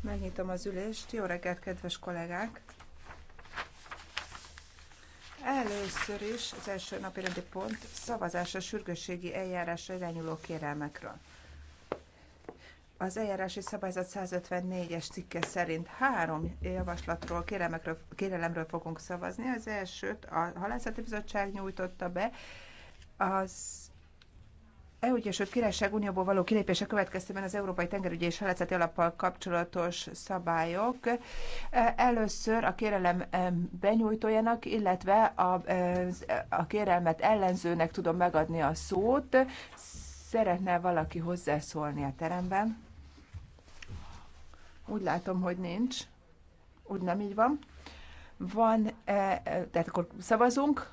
Megnyitom az ülést. Jó reggelt, kedves kollégák! Először is az első napi rendi pont a sürgősségi eljárásra irányuló kérelmekről. Az eljárási szabályzat 154-es cikke szerint három javaslatról, kérelemről, kérelemről fogunk szavazni. Az elsőt a Halászati Bizottság nyújtotta be, az EU Egyesült Királyság Unióból való kilépése következtében az Európai Tengerügyi és Halászati Alappal kapcsolatos szabályok e, először a kérelem e, benyújtójának, illetve a, e, a kérelmet ellenzőnek tudom megadni a szót. Szeretne valaki hozzászólni a teremben? Úgy látom, hogy nincs. Úgy nem így van. Van, tehát akkor szavazunk.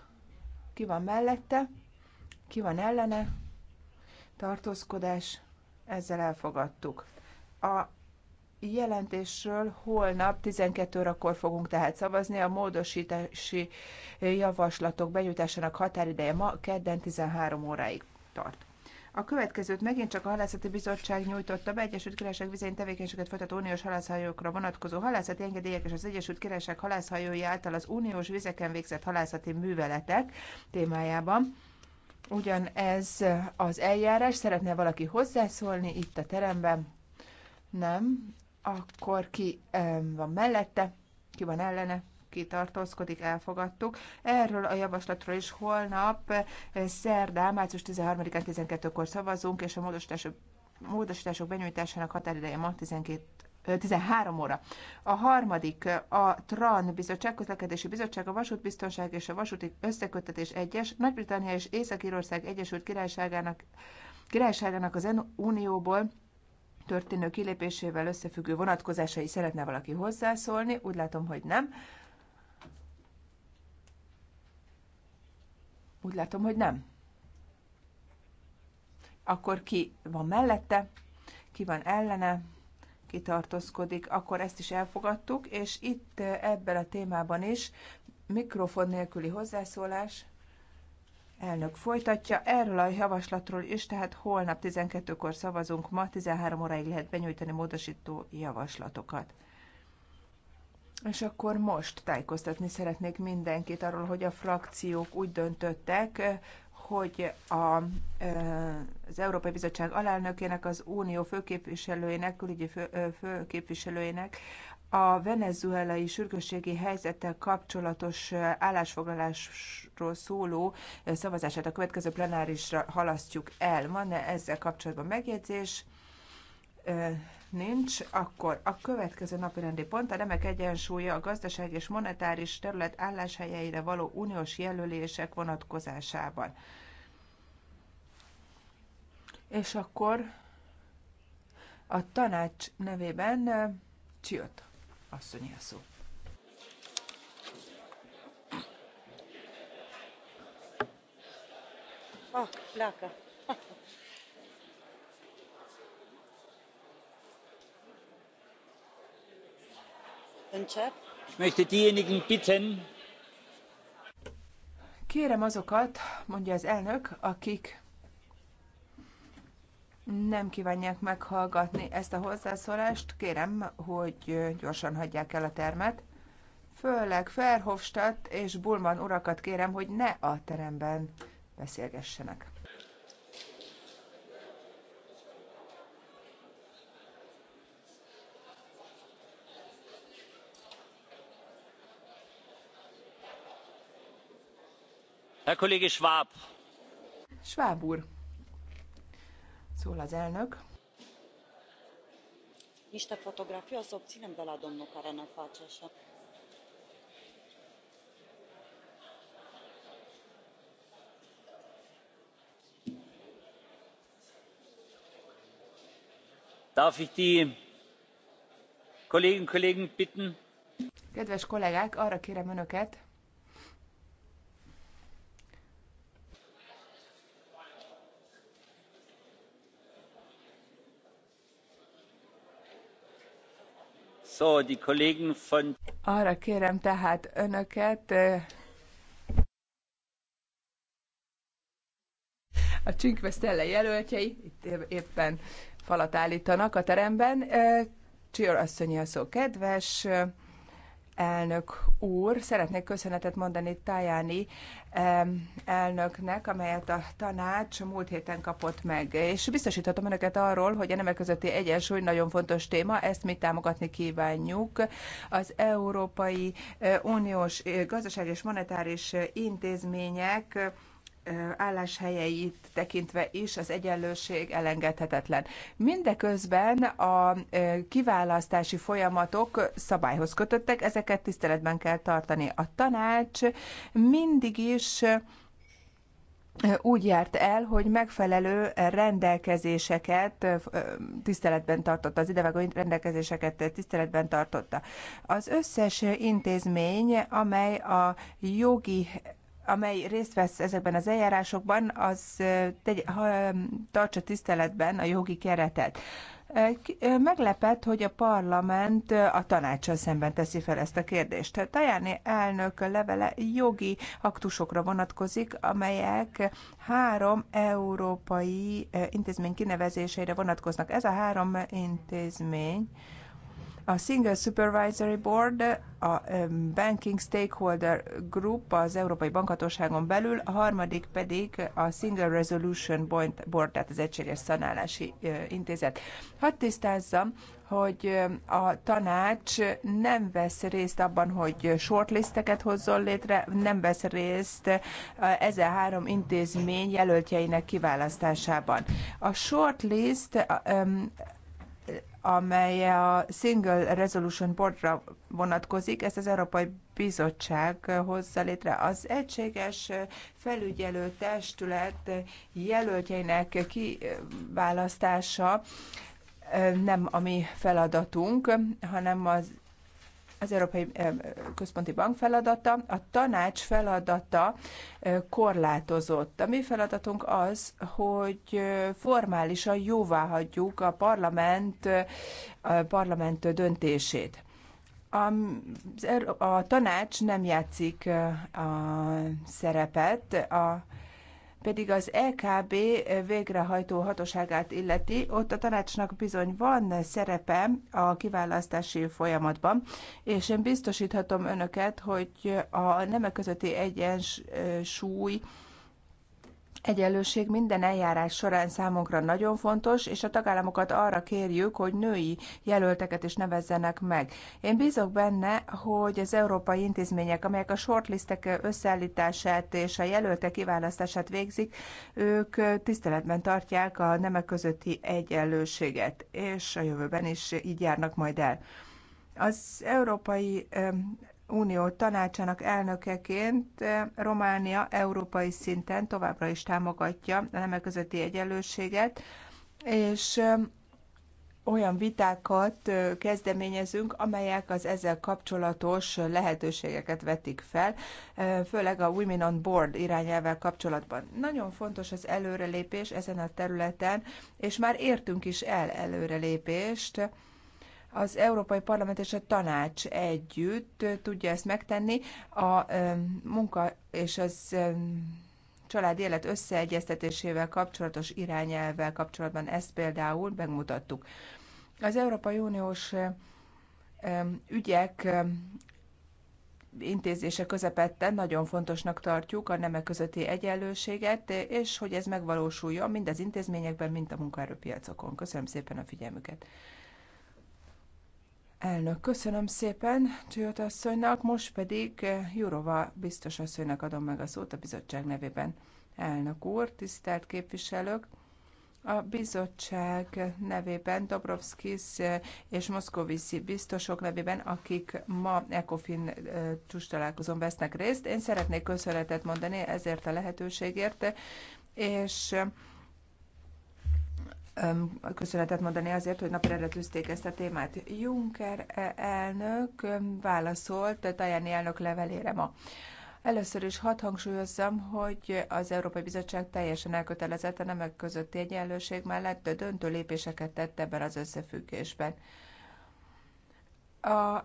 Ki van mellette? Ki van ellene? tartózkodás, ezzel elfogadtuk. A jelentésről holnap 12 órakor fogunk tehát szavazni. A módosítási javaslatok benyújtásának határideje ma kedden 13 óráig tart. A következőt megint csak a Halászati Bizottság nyújtotta be Egyesült Királyság vizén tevékenységet folytató uniós halászhajókra vonatkozó halászati engedélyek és az Egyesült Királyság halászhajói által az uniós vizeken végzett halászati műveletek témájában ugyanez az eljárás. Szeretne valaki hozzászólni itt a teremben? Nem. Akkor ki van mellette? Ki van ellene? Ki tartózkodik? Elfogadtuk. Erről a javaslatról is holnap, eh, szerdán, március 13-án 12-kor szavazunk, és a módosítások módosítások benyújtásának határideje ma 12 13 óra. A harmadik a TRAN bizottság, közlekedési bizottság, a vasútbiztonság és a vasúti összeköttetés egyes. Nagy-Britannia és Észak-Írország Egyesült Királyságának, Királyságának az Unióból történő kilépésével összefüggő vonatkozásai szeretne valaki hozzászólni, úgy látom, hogy nem. Úgy látom, hogy nem. Akkor ki van mellette, ki van ellene, kitartózkodik, akkor ezt is elfogadtuk, és itt eh, ebben a témában is mikrofon nélküli hozzászólás. Elnök folytatja, erről a javaslatról is, tehát holnap 12-kor szavazunk, ma 13 óráig lehet benyújtani módosító javaslatokat. És akkor most tájékoztatni szeretnék mindenkit arról, hogy a frakciók úgy döntöttek, hogy a, az Európai Bizottság alelnökének, az Unió főképviselőjének, külügyi fő, főképviselőjének a venezuelai sürgősségi helyzettel kapcsolatos állásfoglalásról szóló szavazását a következő plenárisra halasztjuk el. Van-e ezzel kapcsolatban megjegyzés? nincs, akkor a következő napi rendi pont a remek egyensúlya a gazdaság és monetáris terület álláshelyeire való uniós jelölések vonatkozásában és akkor a tanács nevében eh, Csiot asszony a szó. Ah, láka. Kérem azokat, mondja az elnök, akik nem kívánják meghallgatni ezt a hozzászólást, kérem, hogy gyorsan hagyják el a termet. Főleg Ferhofstadt és Bulman urakat kérem, hogy ne a teremben beszélgessenek. Herr Kollege Schwab. Schwab úr. Szól az elnök. Niște fotografii o să obținem de la domnul care ne face așa. Darf ich die Kolleginnen und Kollegen bitten? Kedves kollégák, arra kérem önöket, Arra kérem tehát önöket, a Cinque jelöltjei itt éppen falat állítanak a teremben. Csior asszonyi a szó kedves, elnök úr. Szeretnék köszönetet mondani Tajani elnöknek, amelyet a tanács múlt héten kapott meg. És biztosíthatom önöket arról, hogy a nemek közötti egyensúly nagyon fontos téma, ezt mi támogatni kívánjuk. Az Európai Uniós Gazdaság és Monetáris Intézmények álláshelyeit tekintve is az egyenlőség elengedhetetlen. Mindeközben a kiválasztási folyamatok szabályhoz kötöttek, ezeket tiszteletben kell tartani. A tanács mindig is úgy járt el, hogy megfelelő rendelkezéseket tiszteletben tartotta, az idevágó rendelkezéseket tiszteletben tartotta. Az összes intézmény, amely a jogi amely részt vesz ezekben az eljárásokban, az tegy, ha, tartsa tiszteletben a jogi keretet. Meglepett, hogy a parlament a tanácssal szemben teszi fel ezt a kérdést. Tajáni elnök levele jogi aktusokra vonatkozik, amelyek három európai intézmény kinevezéseire vonatkoznak. Ez a három intézmény a Single Supervisory Board, a Banking Stakeholder Group az Európai Bankhatóságon belül, a harmadik pedig a Single Resolution Board, tehát az Egységes Szanálási Intézet. Hadd tisztázzam, hogy a tanács nem vesz részt abban, hogy shortlisteket hozzon létre, nem vesz részt ezen három intézmény jelöltjeinek kiválasztásában. A shortlist amely a Single Resolution Boardra vonatkozik, ezt az Európai Bizottság hozza létre. Az egységes felügyelő testület jelöltjeinek kiválasztása nem a mi feladatunk, hanem az az Európai Központi Bank feladata, a tanács feladata korlátozott. A mi feladatunk az, hogy formálisan jóvá hagyjuk a parlament, a parlament döntését. A, a tanács nem játszik a szerepet, a pedig az LKB e végrehajtó hatóságát illeti, ott a tanácsnak bizony van szerepe a kiválasztási folyamatban, és én biztosíthatom önöket, hogy a nemek közötti egyensúly egyenlőség minden eljárás során számunkra nagyon fontos, és a tagállamokat arra kérjük, hogy női jelölteket is nevezzenek meg. Én bízok benne, hogy az európai intézmények, amelyek a shortlistek összeállítását és a jelöltek kiválasztását végzik, ők tiszteletben tartják a nemek közötti egyenlőséget, és a jövőben is így járnak majd el. Az európai Unió tanácsának elnökeként eh, Románia európai szinten továbbra is támogatja a nemek közötti egyenlőséget, és eh, olyan vitákat eh, kezdeményezünk, amelyek az ezzel kapcsolatos lehetőségeket vetik fel, főleg a Women on Board irányelvel kapcsolatban. Nagyon fontos az előrelépés ezen a területen, és már értünk is el előrelépést, az Európai Parlament és a Tanács együtt tudja ezt megtenni. A munka és az család élet összeegyeztetésével kapcsolatos irányelvvel kapcsolatban ezt például megmutattuk. Az Európai Uniós ügyek intézése közepette nagyon fontosnak tartjuk a nemek közötti egyenlőséget, és hogy ez megvalósuljon mind az intézményekben, mind a munkaerőpiacokon. Köszönöm szépen a figyelmüket! Elnök, köszönöm szépen Csajot asszonynak, most pedig eh, Jurova biztos asszonynak adom meg a szót a bizottság nevében. Elnök úr, tisztelt képviselők! A bizottság nevében, Dobrovskis eh, és Moszkovici biztosok nevében, akik ma ECOFIN csúcs eh, vesznek részt, én szeretnék köszönetet mondani ezért a lehetőségért, és köszönetet mondani azért, hogy napirendre tűzték ezt a témát. Juncker e, elnök válaszolt Tajani elnök levelére ma. Először is hadd hangsúlyozzam, hogy az Európai Bizottság teljesen elkötelezett a nemek közötti egyenlőség mellett de döntő lépéseket tett ebben az összefüggésben. A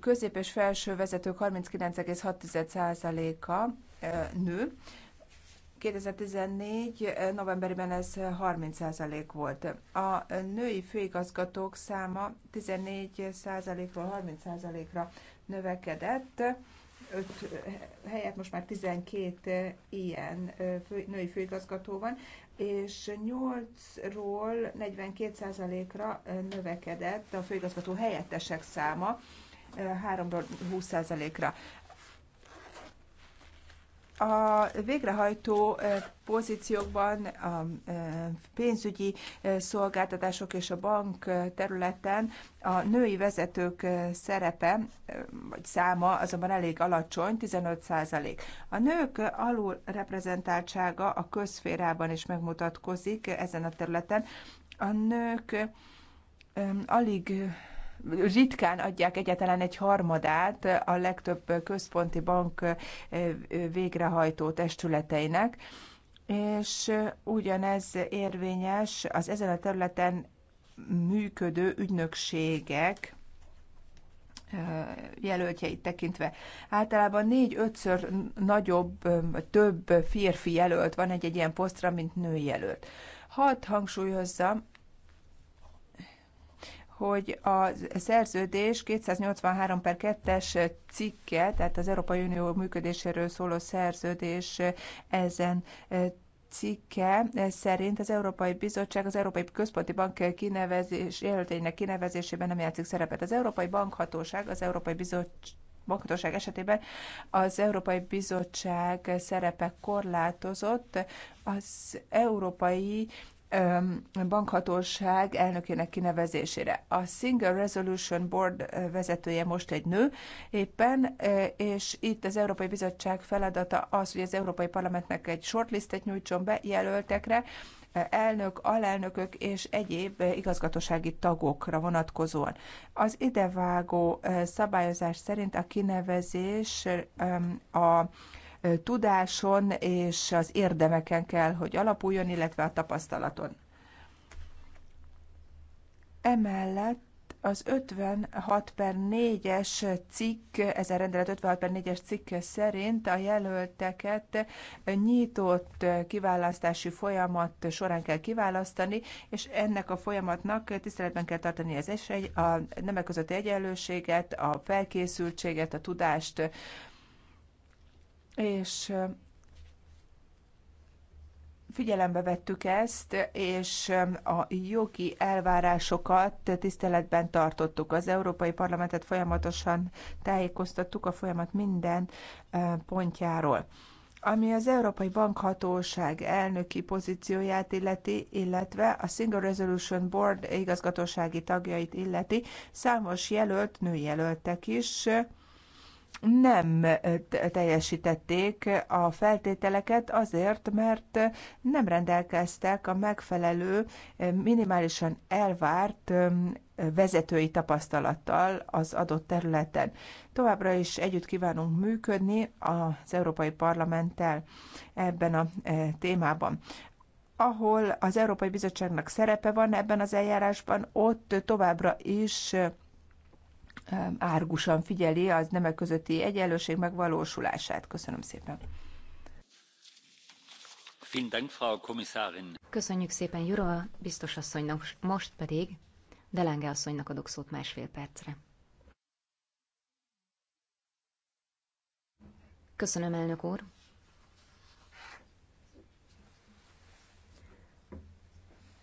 közép és felső vezetők 39,6%-a nő, 2014 eh, novemberében ez 30% volt. A női főigazgatók száma 14%-ról 30%-ra növekedett. Öt eh, helyett most már 12 eh, ilyen fő, női főigazgató van, és 8-ról 42%-ra növekedett a főigazgató helyettesek száma. 3-ról 20%-ra a végrehajtó pozíciókban a pénzügyi szolgáltatások és a bank területen a női vezetők szerepe vagy száma azonban elég alacsony, 15%. A nők alul reprezentáltsága a közférában is megmutatkozik ezen a területen. A nők alig ritkán adják egyetlen egy harmadát a legtöbb központi bank végrehajtó testületeinek, és ugyanez érvényes az ezen a területen működő ügynökségek jelöltjeit tekintve. Általában négy-ötször nagyobb, több férfi jelölt van egy-egy ilyen posztra, mint női jelölt. Hadd hangsúlyozzam, hogy a szerződés 283 per 2-es cikke, tehát az Európai Unió működéséről szóló szerződés ezen e, cikke e, szerint az Európai Bizottság az Európai Központi Bank kinevezés, jelöltjeinek kinevezésében nem játszik szerepet. Az Európai Bankhatóság az Európai Bizottság bankhatóság esetében az Európai Bizottság szerepe korlátozott, az Európai bankhatóság elnökének kinevezésére. A Single Resolution Board vezetője most egy nő éppen, és itt az Európai Bizottság feladata az, hogy az Európai Parlamentnek egy shortlistet nyújtson be jelöltekre, elnök, alelnökök és egyéb igazgatósági tagokra vonatkozóan. Az idevágó szabályozás szerint a kinevezés a tudáson és az érdemeken kell, hogy alapuljon, illetve a tapasztalaton. Emellett az 56 per 4-es cikk, a rendelet 56 per 4-es cikk szerint a jelölteket nyitott kiválasztási folyamat során kell kiválasztani, és ennek a folyamatnak tiszteletben kell tartani az esély, a nemek közötti egyenlőséget, a felkészültséget, a tudást, és figyelembe vettük ezt, és a jogi elvárásokat tiszteletben tartottuk. Az Európai Parlamentet folyamatosan tájékoztattuk a folyamat minden pontjáról. Ami az Európai Bankhatóság elnöki pozícióját illeti, illetve a Single Resolution Board igazgatósági tagjait illeti, számos jelölt, nőjelöltek is, nem teljesítették a feltételeket azért, mert nem rendelkeztek a megfelelő, minimálisan elvárt vezetői tapasztalattal az adott területen. Továbbra is együtt kívánunk működni az Európai Parlamenttel ebben a témában ahol az Európai Bizottságnak szerepe van ebben az eljárásban, ott továbbra is árgusan figyeli az nemek közötti egyenlőség megvalósulását. Köszönöm szépen. Köszönjük szépen Jura biztos asszonynak, most pedig Delenge asszonynak adok szót másfél percre. Köszönöm, elnök úr.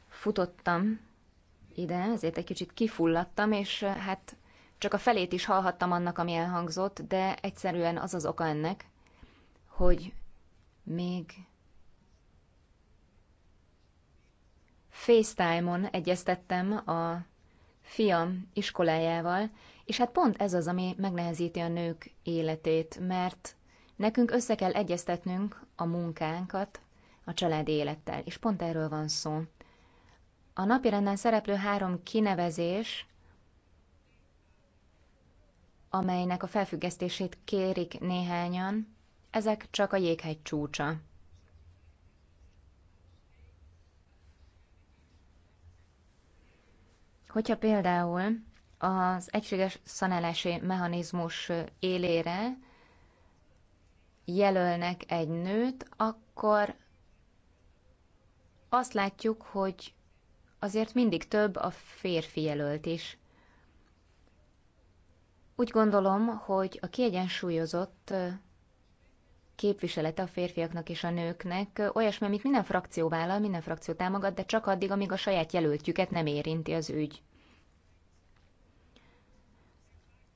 Futottam ide, ezért egy kicsit kifulladtam, és hát csak a felét is hallhattam annak, ami elhangzott, de egyszerűen az az oka ennek, hogy még FaceTime-on egyeztettem a fiam iskolájával, és hát pont ez az, ami megnehezíti a nők életét, mert nekünk össze kell egyeztetnünk a munkánkat a családi élettel, és pont erről van szó. A napirenden szereplő három kinevezés amelynek a felfüggesztését kérik néhányan, ezek csak a jéghegy csúcsa. Hogyha például az egységes szanálási mechanizmus élére jelölnek egy nőt, akkor azt látjuk, hogy azért mindig több a férfi jelölt is. Úgy gondolom, hogy a kiegyensúlyozott képviselete a férfiaknak és a nőknek olyasmi, amit minden frakció vállal, minden frakció támogat, de csak addig, amíg a saját jelöltjüket nem érinti az ügy.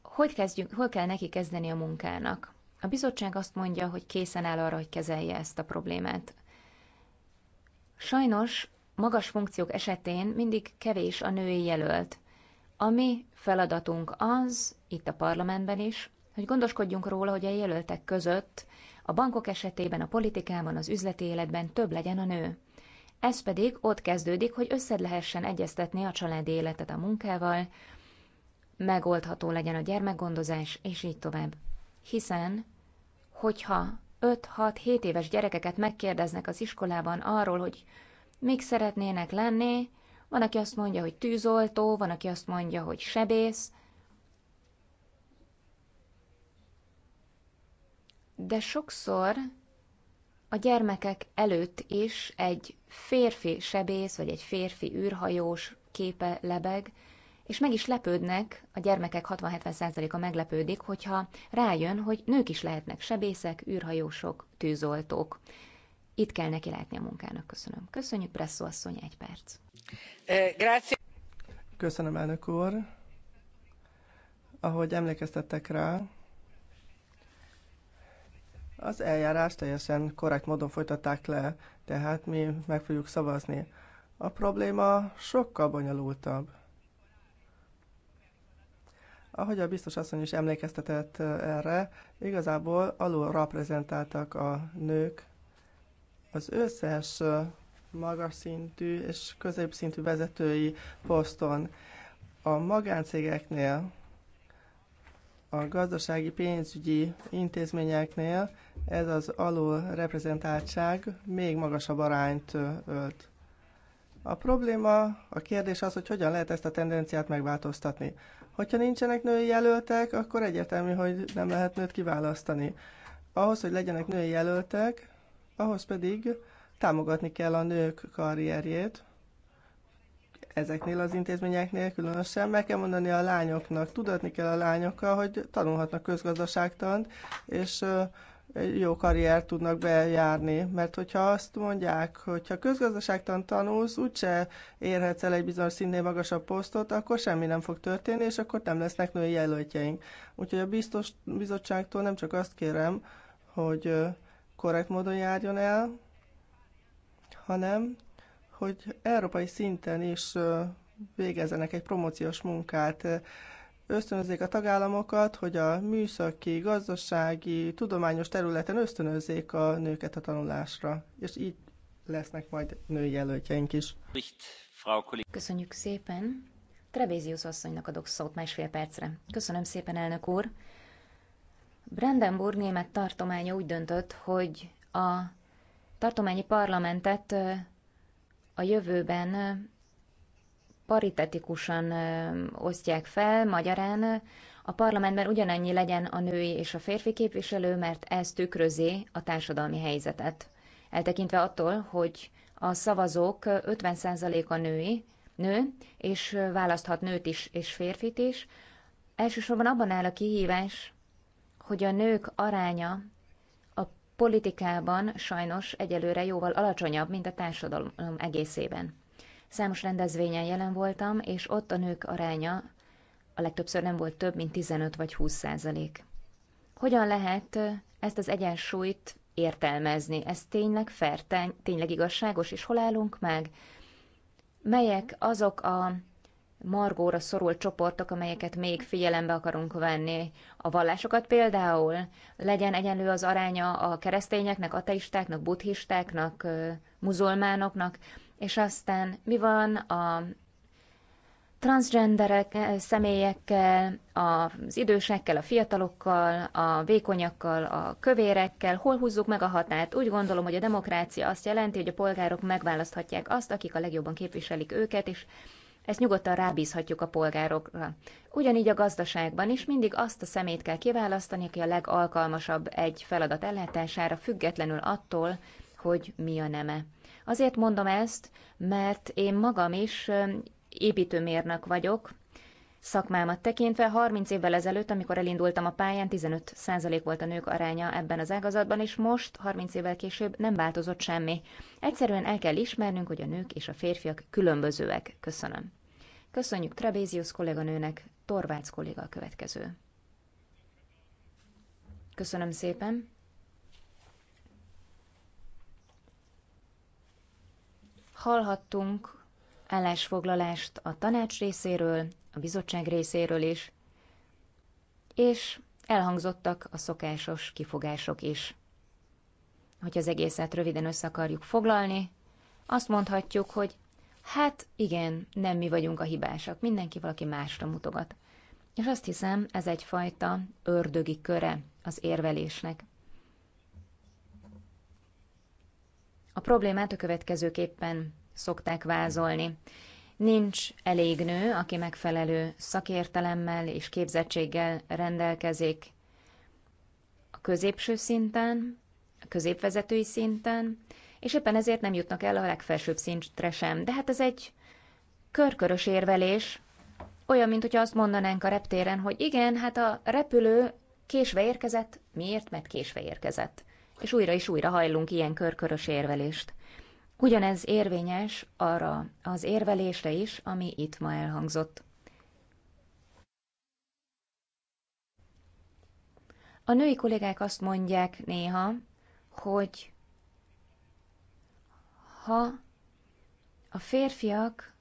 Hogy kezdjük, hol kell neki kezdeni a munkának? A bizottság azt mondja, hogy készen áll arra, hogy kezelje ezt a problémát. Sajnos magas funkciók esetén mindig kevés a női jelölt. A mi feladatunk az, itt a parlamentben is, hogy gondoskodjunk róla, hogy a jelöltek között a bankok esetében, a politikában, az üzleti életben több legyen a nő. Ez pedig ott kezdődik, hogy összed lehessen egyeztetni a családi életet a munkával, megoldható legyen a gyermekgondozás, és így tovább. Hiszen, hogyha 5-6-7 éves gyerekeket megkérdeznek az iskolában arról, hogy mik szeretnének lenni, van, aki azt mondja, hogy tűzoltó, van, aki azt mondja, hogy sebész. De sokszor a gyermekek előtt is egy férfi sebész vagy egy férfi űrhajós képe lebeg, és meg is lepődnek, a gyermekek 60-70%-a meglepődik, hogyha rájön, hogy nők is lehetnek sebészek, űrhajósok, tűzoltók itt kell neki látni a munkának. Köszönöm. Köszönjük, Bresszó asszony, egy perc. Eh, Köszönöm, elnök úr. Ahogy emlékeztettek rá, az eljárást teljesen korrekt módon folytatták le, tehát mi meg fogjuk szavazni. A probléma sokkal bonyolultabb. Ahogy a biztos asszony is emlékeztetett eh, erre, igazából alul reprezentáltak a nők az összes magas szintű és középszintű vezetői poszton a magáncégeknél, a gazdasági pénzügyi intézményeknél ez az alul reprezentáltság még magasabb arányt ölt. A probléma, a kérdés az, hogy hogyan lehet ezt a tendenciát megváltoztatni. Hogyha nincsenek női jelöltek, akkor egyértelmű, hogy nem lehet nőt kiválasztani. Ahhoz, hogy legyenek női jelöltek, ahhoz pedig támogatni kell a nők karrierjét, ezeknél az intézményeknél különösen meg kell mondani a lányoknak, tudatni kell a lányokkal, hogy tanulhatnak közgazdaságtant, és jó karrier tudnak bejárni. Mert hogyha azt mondják, hogyha közgazdaságtan tanulsz, úgyse érhetsz el egy bizonyos szintén magasabb posztot, akkor semmi nem fog történni, és akkor nem lesznek női jelöltjeink. Úgyhogy a biztos bizottságtól nem csak azt kérem, hogy korrekt módon járjon el, hanem hogy európai szinten is végezzenek egy promóciós munkát, ösztönözzék a tagállamokat, hogy a műszaki, gazdasági, tudományos területen ösztönözzék a nőket a tanulásra, és így lesznek majd női jelöltjeink is. Köszönjük szépen! Trevézius asszonynak adok szót másfél percre. Köszönöm szépen, elnök úr! Brandenburg német tartománya úgy döntött, hogy a tartományi parlamentet a jövőben paritetikusan osztják fel, magyarán a parlamentben ugyanannyi legyen a női és a férfi képviselő, mert ez tükrözi a társadalmi helyzetet. Eltekintve attól, hogy a szavazók 50%-a női, nő, és választhat nőt is és férfit is, elsősorban abban áll a kihívás, hogy a nők aránya a politikában sajnos egyelőre jóval alacsonyabb, mint a társadalom egészében. Számos rendezvényen jelen voltam, és ott a nők aránya a legtöbbször nem volt több, mint 15 vagy 20 százalék. Hogyan lehet ezt az egyensúlyt értelmezni? Ez tényleg fair, tényleg igazságos, és hol állunk meg? Melyek azok a margóra szorult csoportok, amelyeket még figyelembe akarunk venni. A vallásokat például legyen egyenlő az aránya a keresztényeknek, ateistáknak, buddhistáknak, muzulmánoknak, és aztán mi van a transgenderek személyekkel, az idősekkel, a fiatalokkal, a vékonyakkal, a kövérekkel, hol húzzuk meg a határt. Úgy gondolom, hogy a demokrácia azt jelenti, hogy a polgárok megválaszthatják azt, akik a legjobban képviselik őket, és ezt nyugodtan rábízhatjuk a polgárokra. Ugyanígy a gazdaságban is mindig azt a szemét kell kiválasztani, aki a legalkalmasabb egy feladat ellátására, függetlenül attól, hogy mi a neme. Azért mondom ezt, mert én magam is építőmérnök vagyok, Szakmámat tekintve 30 évvel ezelőtt, amikor elindultam a pályán, 15% volt a nők aránya ebben az ágazatban, és most, 30 évvel később nem változott semmi. Egyszerűen el kell ismernünk, hogy a nők és a férfiak különbözőek. Köszönöm. Köszönjük Trebézius kolléganőnek, Torvács kolléga a következő. Köszönöm szépen. Hallhattunk állásfoglalást a tanács részéről, a bizottság részéről is, és elhangzottak a szokásos kifogások is. Hogy az egészet röviden össze akarjuk foglalni, azt mondhatjuk, hogy hát igen, nem mi vagyunk a hibásak, mindenki valaki másra mutogat. És azt hiszem, ez egyfajta ördögi köre az érvelésnek. A problémát a következőképpen szokták vázolni. Nincs elég nő, aki megfelelő szakértelemmel és képzettséggel rendelkezik a középső szinten, a középvezetői szinten, és éppen ezért nem jutnak el a legfelsőbb szintre sem. De hát ez egy körkörös érvelés, olyan, mint hogyha azt mondanánk a reptéren, hogy igen, hát a repülő késve érkezett, miért? Mert késve érkezett. És újra és újra hajlunk ilyen körkörös érvelést. Ugyanez érvényes arra az érvelésre is, ami itt ma elhangzott. A női kollégák azt mondják néha, hogy ha a férfiak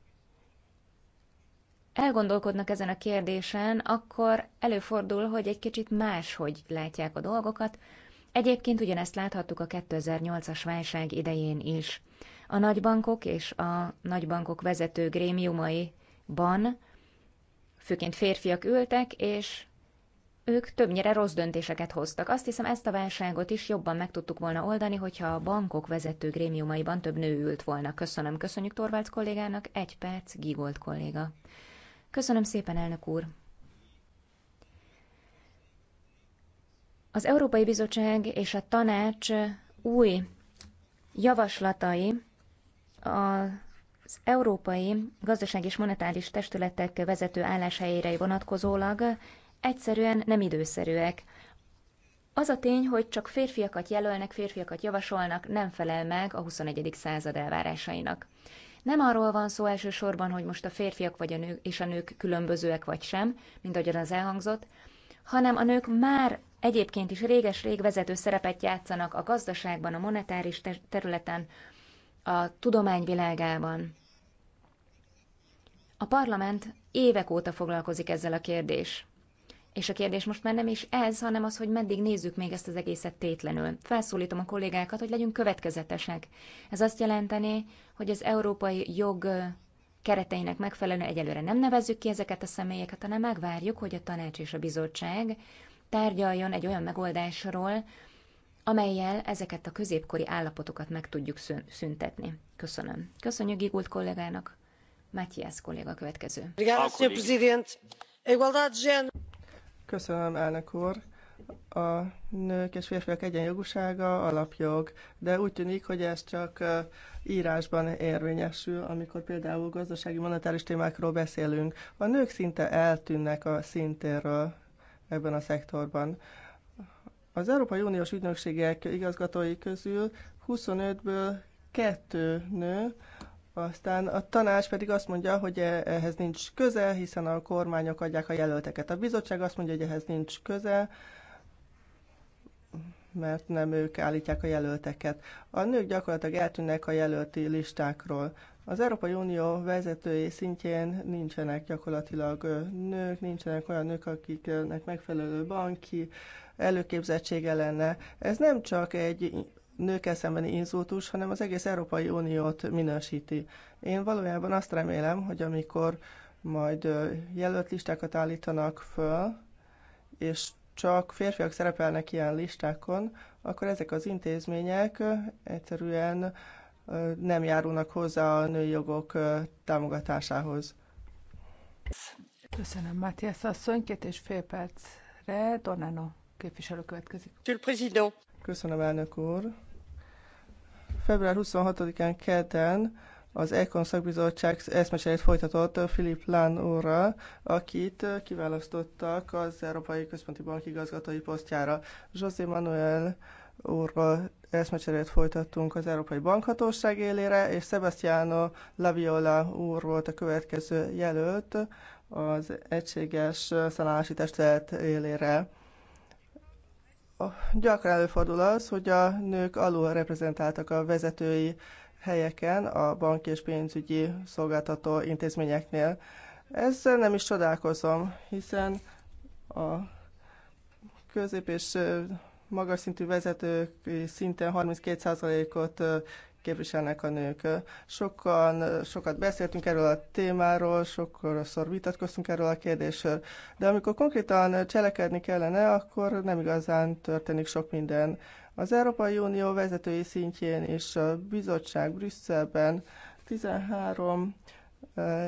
elgondolkodnak ezen a kérdésen, akkor előfordul, hogy egy kicsit máshogy látják a dolgokat, Egyébként ugyanezt láthattuk a 2008-as válság idején is. A nagybankok és a nagybankok vezető grémiumaiban főként férfiak ültek, és ők többnyire rossz döntéseket hoztak. Azt hiszem, ezt a válságot is jobban meg tudtuk volna oldani, hogyha a bankok vezető grémiumaiban több nő ült volna. Köszönöm, köszönjük Torvalds kollégának, egy perc, Gigolt kolléga. Köszönöm szépen, elnök úr! Az Európai Bizottság és a Tanács új javaslatai az Európai Gazdaság és Monetáris Testületek vezető álláshelyére vonatkozólag egyszerűen nem időszerűek. Az a tény, hogy csak férfiakat jelölnek, férfiakat javasolnak, nem felel meg a 21. század elvárásainak. Nem arról van szó elsősorban, hogy most a férfiak vagy a nők és a nők különbözőek vagy sem, mint ahogyan az elhangzott, hanem a nők már egyébként is réges-rég vezető szerepet játszanak a gazdaságban, a monetáris területen, a tudomány világában. A parlament évek óta foglalkozik ezzel a kérdés. És a kérdés most már nem is ez, hanem az, hogy meddig nézzük még ezt az egészet tétlenül. Felszólítom a kollégákat, hogy legyünk következetesek. Ez azt jelenteni, hogy az európai jog kereteinek megfelelően egyelőre nem nevezzük ki ezeket a személyeket, hanem megvárjuk, hogy a tanács és a bizottság tárgyaljon egy olyan megoldásról, amelyel ezeket a középkori állapotokat meg tudjuk szüntetni. Köszönöm. Köszönjük Gigult kollégának. Matthias kolléga következő. Köszönöm, elnök úr. A nők és férfiak egyenjogúsága alapjog, de úgy tűnik, hogy ez csak írásban érvényesül, amikor például gazdasági monetáris témákról beszélünk. A nők szinte eltűnnek a szintéről ebben a szektorban. Az Európai Uniós ügynökségek igazgatói közül 25-ből kettő nő, aztán a tanács pedig azt mondja, hogy e- ehhez nincs köze, hiszen a kormányok adják a jelölteket. A bizottság azt mondja, hogy ehhez nincs köze, mert nem ők állítják a jelölteket. A nők gyakorlatilag eltűnnek a jelölti listákról. Az Európai Unió vezetői szintjén nincsenek gyakorlatilag nők, nincsenek olyan nők, akiknek megfelelő banki előképzettsége lenne. Ez nem csak egy nők szembeni inzultus, hanem az egész Európai Uniót minősíti. Én valójában azt remélem, hogy amikor majd jelölt listákat állítanak föl, és csak férfiak szerepelnek ilyen listákon, akkor ezek az intézmények egyszerűen nem járulnak hozzá a női jogok támogatásához. Köszönöm, Matthias asszony. Két és fél percre Donano képviselő következik. Köszönöm, elnök úr. Február 26-án kedden az Econ szakbizottság eszmecserét folytatott Philip Lán úrra, akit kiválasztottak az Európai Központi Bank igazgatói posztjára. José Manuel úrral eszmecserét folytattunk az Európai Bankhatóság élére, és Sebastiano Laviola úr volt a következő jelölt az egységes szállási testület élére. Gyakran előfordul az, hogy a nők alul reprezentáltak a vezetői helyeken a banki és pénzügyi szolgáltató intézményeknél. Ezzel nem is csodálkozom, hiszen a közép és magas szintű vezetők szinten 32%-ot képviselnek a nők. Sokan, sokat beszéltünk erről a témáról, sokszor vitatkoztunk erről a kérdésről, de amikor konkrétan cselekedni kellene, akkor nem igazán történik sok minden. Az Európai Unió vezetői szintjén és a bizottság Brüsszelben 13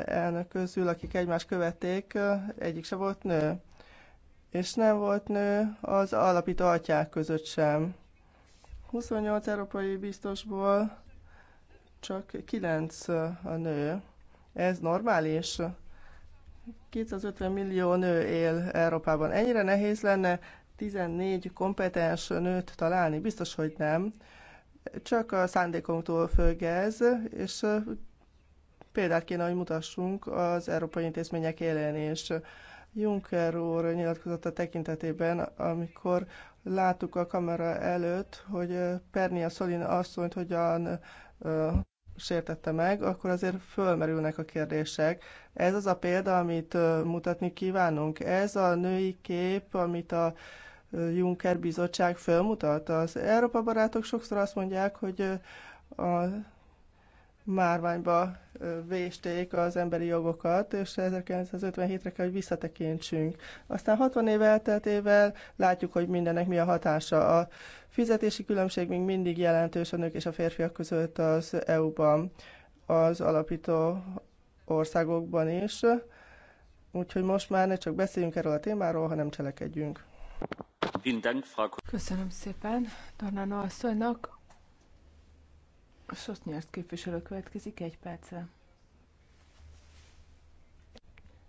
elnök közül, akik egymást követték, egyik se volt nő és nem volt nő az alapító atyák között sem. 28 európai biztosból csak 9 a nő. Ez normális? 250 millió nő él Európában. Ennyire nehéz lenne 14 kompetens nőt találni? Biztos, hogy nem. Csak a szándékunktól függ ez, és példát kéne, hogy mutassunk az európai intézmények élén is. Juncker úr nyilatkozata tekintetében, amikor láttuk a kamera előtt, hogy Pernia Szolin asszonyt hogyan ö, sértette meg, akkor azért fölmerülnek a kérdések. Ez az a példa, amit mutatni kívánunk. Ez a női kép, amit a Juncker bizottság fölmutat. Az Európa barátok sokszor azt mondják, hogy a márványba vésték az emberi jogokat, és 1957-re kell, hogy visszatekintsünk. Aztán 60 év elteltével látjuk, hogy mindennek mi a hatása. A fizetési különbség még mindig jelentős a nők és a férfiak között az EU-ban, az alapító országokban is. Úgyhogy most már ne csak beszéljünk erről a témáról, hanem cselekedjünk. Köszönöm szépen Tornán asszonynak. Sosnyert képviselő következik egy percre.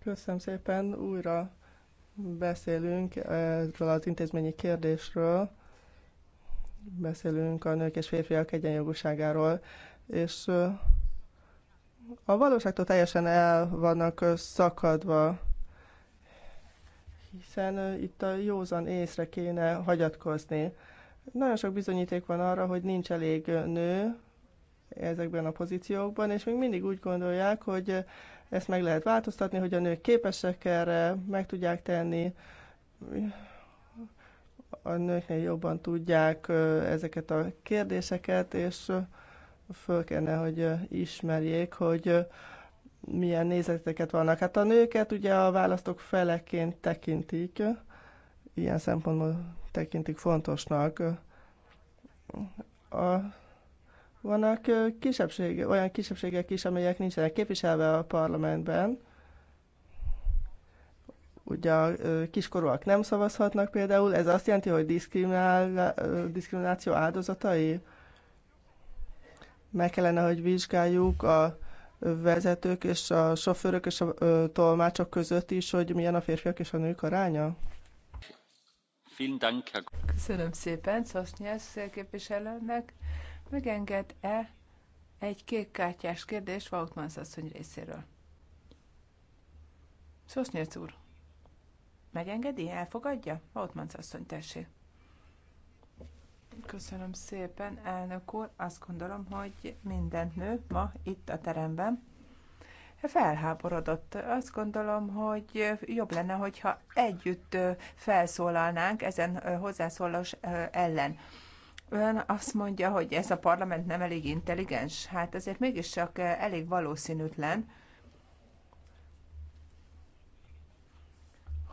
Köszönöm szépen, újra beszélünk erről az intézményi kérdésről, beszélünk a nők és férfiak egyenjogúságáról, és a valóságtól teljesen el vannak szakadva, hiszen itt a józan észre kéne hagyatkozni. Nagyon sok bizonyíték van arra, hogy nincs elég nő, ezekben a pozíciókban, és még mindig úgy gondolják, hogy ezt meg lehet változtatni, hogy a nők képesek erre, meg tudják tenni, a nőknél jobban tudják ezeket a kérdéseket, és föl kellene, hogy ismerjék, hogy milyen nézeteket vannak. Hát a nőket ugye a választók feleként tekintik, ilyen szempontból tekintik fontosnak. A vannak kisebbség, olyan kisebbségek is, amelyek nincsenek képviselve a parlamentben. Ugye a kiskorúak nem szavazhatnak például, ez azt jelenti, hogy diszkriminál, diszkrimináció áldozatai. Meg kellene, hogy vizsgáljuk a vezetők és a sofőrök és a tolmácsok között is, hogy milyen a férfiak és a nők aránya? Köszönöm szépen Szosznyász képviselőnek. Megenged-e egy kékkártyás kérdés Vautmans asszony részéről? Szosznyec úr, megengedi, elfogadja? Vautmans asszony, tessé. Köszönöm szépen, elnök úr. Azt gondolom, hogy mindent nő ma itt a teremben felháborodott. Azt gondolom, hogy jobb lenne, hogyha együtt felszólalnánk ezen hozzászólás ellen. Ön azt mondja, hogy ez a parlament nem elég intelligens? Hát azért mégiscsak eh, elég valószínűtlen,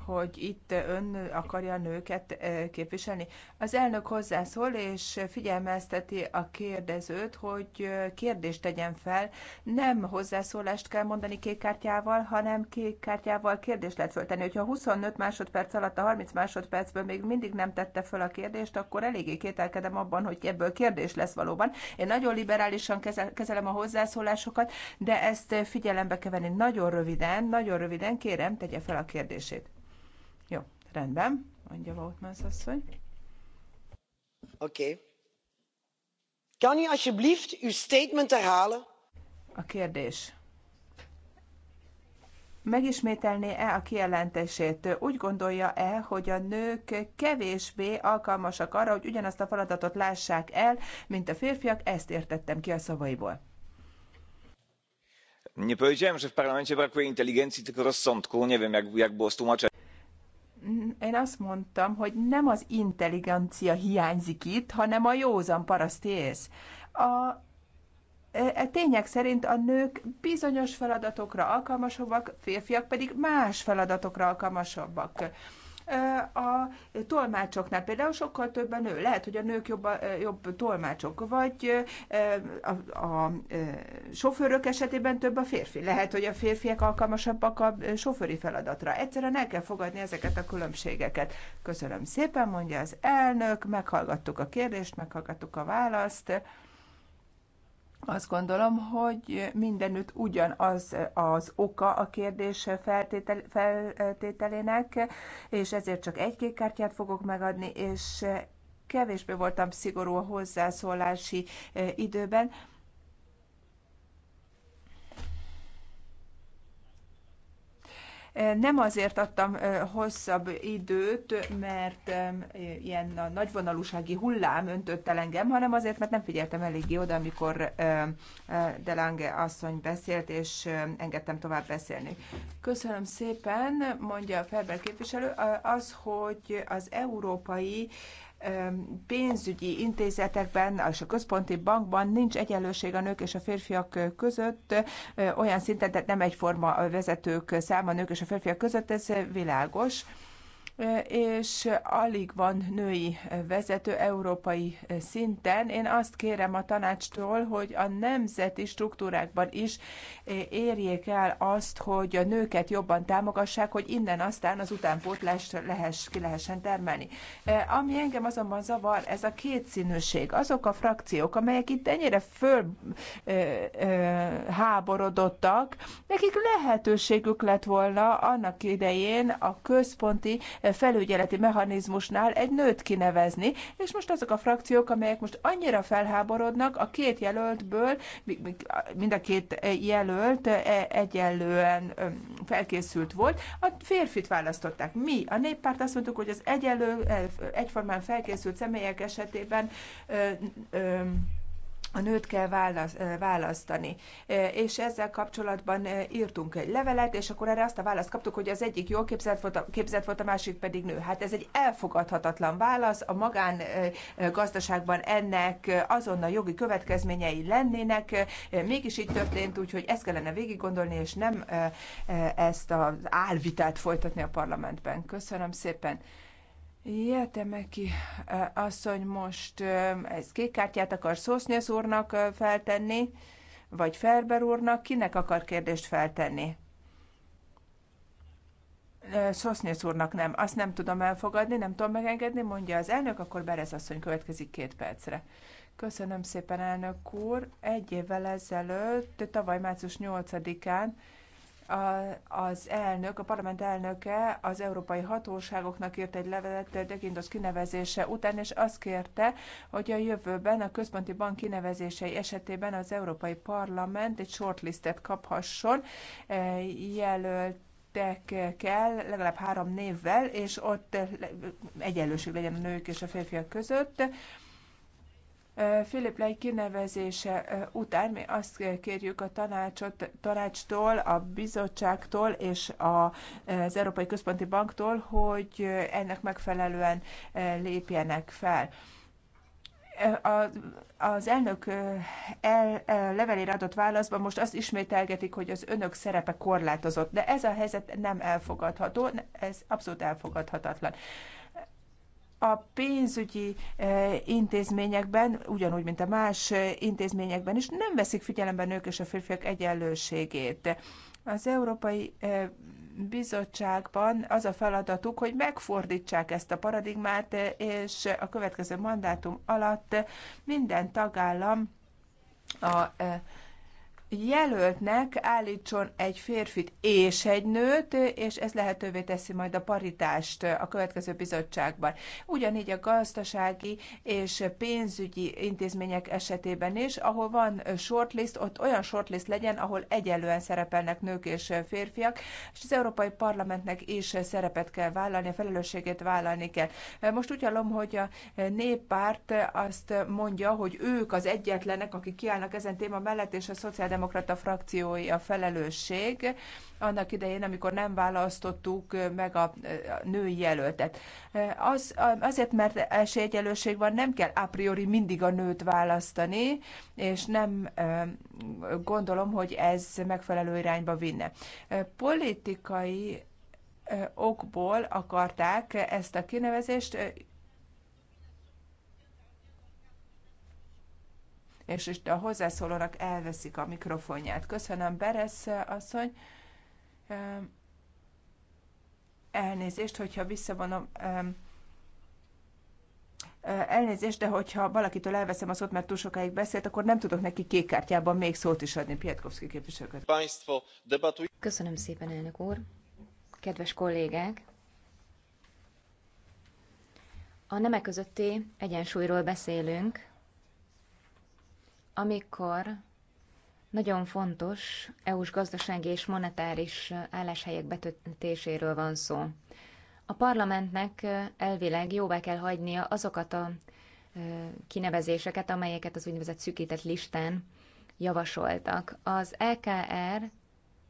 hogy itt ön akarja a nőket eh, képviselni. Az elnök hozzászól, és figyelmezteti a kérdezőt, hogy eh, kérdést tegyen fel. Nem hozzászólást kell mondani kék kártyával, hanem kék kártyával kérdést lehet föltenni. Hogyha 25 másodperc alatt a 30 másodpercből még mindig nem tette föl a kérdést, akkor eléggé kételkedem abban, hogy ebből kérdés lesz valóban. Én nagyon liberálisan kezelem a hozzászólásokat, de ezt figyelembe kell venni. Nagyon röviden, nagyon röviden kérem, tegye fel a kérdését. Rendben, mondja Vautmans asszony. Oké. Okay. Kan u alsjeblieft uw statement herhalen? A kérdés. Megismételné-e a kijelentését? Úgy gondolja-e, hogy a nők kevésbé alkalmasak arra, hogy ugyanazt a feladatot lássák el, mint a férfiak? Ezt értettem ki a szavaiból. Nie powiedziałem, że w parlamencie brakuje inteligencji, tylko rozsądku. Nie wiem, jak, jak było z tłumaczeniem én azt mondtam, hogy nem az intelligencia hiányzik itt, hanem a józan paraszti ész. A a e, e tények szerint a nők bizonyos feladatokra alkalmasabbak, férfiak pedig más feladatokra alkalmasabbak a tolmácsoknál például sokkal több a nő. Lehet, hogy a nők jobb, jobb tolmácsok, vagy a, a, a sofőrök esetében több a férfi. Lehet, hogy a férfiak alkalmasabbak a sofőri feladatra. Egyszerűen el kell fogadni ezeket a különbségeket. Köszönöm szépen, mondja az elnök, meghallgattuk a kérdést, meghallgattuk a választ. Azt gondolom, hogy mindenütt ugyanaz az oka a kérdés feltétel, feltételének, és ezért csak egy kék kártyát fogok megadni, és kevésbé voltam szigorú a hozzászólási eh, időben. Nem azért adtam hosszabb időt, mert ilyen a nagyvonalúsági hullám öntött el engem, hanem azért, mert nem figyeltem eléggé oda, amikor Delange asszony beszélt, és engedtem tovább beszélni. Köszönöm szépen, mondja a Ferber képviselő, az, hogy az európai pénzügyi intézetekben és a központi bankban nincs egyenlőség a nők és a férfiak között olyan szinten, tehát nem egyforma vezetők száma a nők és a férfiak között, ez világos és alig van női vezető európai szinten. Én azt kérem a tanácstól, hogy a nemzeti struktúrákban is érjék el azt, hogy a nőket jobban támogassák, hogy innen aztán az utánpótlást lehess, ki lehessen termelni. Ami engem azonban zavar, ez a kétszínűség. Azok a frakciók, amelyek itt ennyire föl háborodottak, nekik lehetőségük lett volna annak idején a központi felügyeleti mechanizmusnál egy nőt kinevezni, és most azok a frakciók, amelyek most annyira felháborodnak a két jelöltből, mind a két jelölt e, egyenlően felkészült volt, a férfit választották. Mi, a néppárt azt mondtuk, hogy az egyenlő, e, egyformán felkészült személyek esetében ö, ö, a nőt kell választani. És ezzel kapcsolatban írtunk egy levelet, és akkor erre azt a választ kaptuk, hogy az egyik jól képzelt volt, a, képzelt volt, a másik pedig nő. Hát ez egy elfogadhatatlan válasz, a magán gazdaságban ennek azonnal jogi következményei lennének, mégis így történt, úgyhogy ezt kellene végig gondolni, és nem ezt az álvitát folytatni a parlamentben. Köszönöm szépen. Jetemeki eh, asszony most eh, ez kék kártyát akar Szósznyesz úrnak eh, feltenni, vagy Ferber úrnak, kinek akar kérdést feltenni? Szosznyesz úrnak nem, azt nem tudom elfogadni, nem tudom megengedni, mondja az elnök, akkor Berez asszony következik két percre. Köszönöm szépen, elnök úr. Egy évvel ezelőtt, tavaly március 8-án az elnök, a parlament elnöke az európai hatóságoknak írt egy levelet Degindos kinevezése után, és azt kérte, hogy a jövőben a központi bank kinevezései esetében az Európai Parlament egy shortlistet kaphasson e, jelölt kell legalább három névvel, és ott egyenlőség legyen a nők és a férfiak között. Philip Ley kinevezése után mi azt kérjük a tanácsot, tanácstól, a bizottságtól és a, az Európai Központi Banktól, hogy ennek megfelelően lépjenek fel. A, az elnök el, el, levelére adott válaszban most azt ismételgetik, hogy az önök szerepe korlátozott, de ez a helyzet nem elfogadható, ez abszolút elfogadhatatlan a pénzügyi e, intézményekben, ugyanúgy, mint a más e, intézményekben is, nem veszik figyelembe nők és a férfiak egyenlőségét. Az Európai e, Bizottságban az a feladatuk, hogy megfordítsák ezt a paradigmát, és a következő mandátum alatt minden tagállam a jelöltnek állítson egy férfit és egy nőt, és ez lehetővé teszi majd a paritást a következő bizottságban. Ugyanígy a gazdasági és pénzügyi intézmények esetében is, ahol van shortlist, ott olyan shortlist legyen, ahol egyelően szerepelnek nők és férfiak, és az Európai Parlamentnek is szerepet kell vállalni, a felelősségét vállalni kell. Most úgy hallom, hogy a néppárt azt mondja, hogy ők az egyetlenek, akik kiállnak ezen téma mellett, és a szociáldemokraták Demokrata frakciói a felelősség annak idején, amikor nem választottuk meg a női jelöltet. Az, azért, mert esélyegyelőség van, nem kell a priori mindig a nőt választani, és nem gondolom, hogy ez megfelelő irányba vinne. Politikai okból akarták ezt a kinevezést, és, és a hozzászólónak elveszik a mikrofonját. Köszönöm, Beresz asszony. Elnézést, hogyha visszavonom. Elnézést, de hogyha valakitől elveszem a szót, mert túl sokáig beszélt, akkor nem tudok neki kártyában még szót is adni. Pietkovszki képviselőket. Köszönöm szépen, elnök úr. Kedves kollégák, a nemek közötti egyensúlyról beszélünk, amikor nagyon fontos EU-s gazdasági és monetáris álláshelyek betöltéséről van szó. A parlamentnek elvileg jóvá kell hagynia azokat a kinevezéseket, amelyeket az úgynevezett szűkített listán javasoltak. Az LKR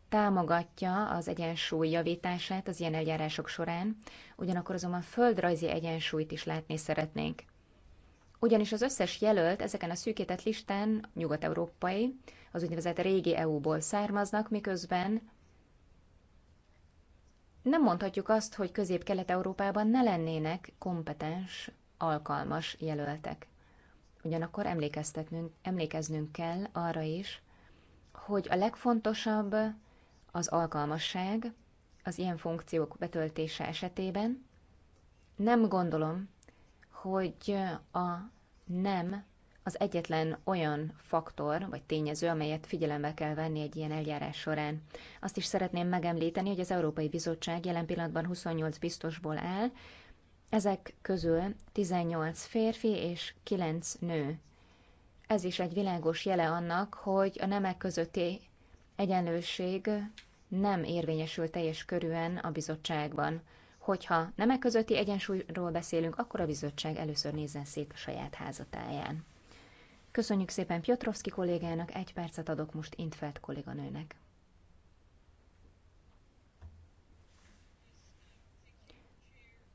támogatja az egyensúly javítását az ilyen eljárások során, ugyanakkor azonban földrajzi egyensúlyt is látni szeretnénk ugyanis az összes jelölt ezeken a szűkített listán nyugat-európai, az úgynevezett régi EU-ból származnak, miközben nem mondhatjuk azt, hogy közép-kelet-európában ne lennének kompetens, alkalmas jelöltek. Ugyanakkor emlékeztetnünk, emlékeznünk kell arra is, hogy a legfontosabb az alkalmasság az ilyen funkciók betöltése esetében. Nem gondolom, hogy a nem az egyetlen olyan faktor vagy tényező, amelyet figyelembe kell venni egy ilyen eljárás során. Azt is szeretném megemlíteni, hogy az Európai Bizottság jelen pillanatban 28 biztosból áll, ezek közül 18 férfi és 9 nő. Ez is egy világos jele annak, hogy a nemek közötti egyenlőség nem érvényesül teljes körűen a bizottságban. Hogyha nemek közötti egyensúlyról beszélünk, akkor a bizottság először nézzen szét a saját házatáján. Köszönjük szépen Piotrowski kollégának, egy percet adok most Intfeld kolléganőnek.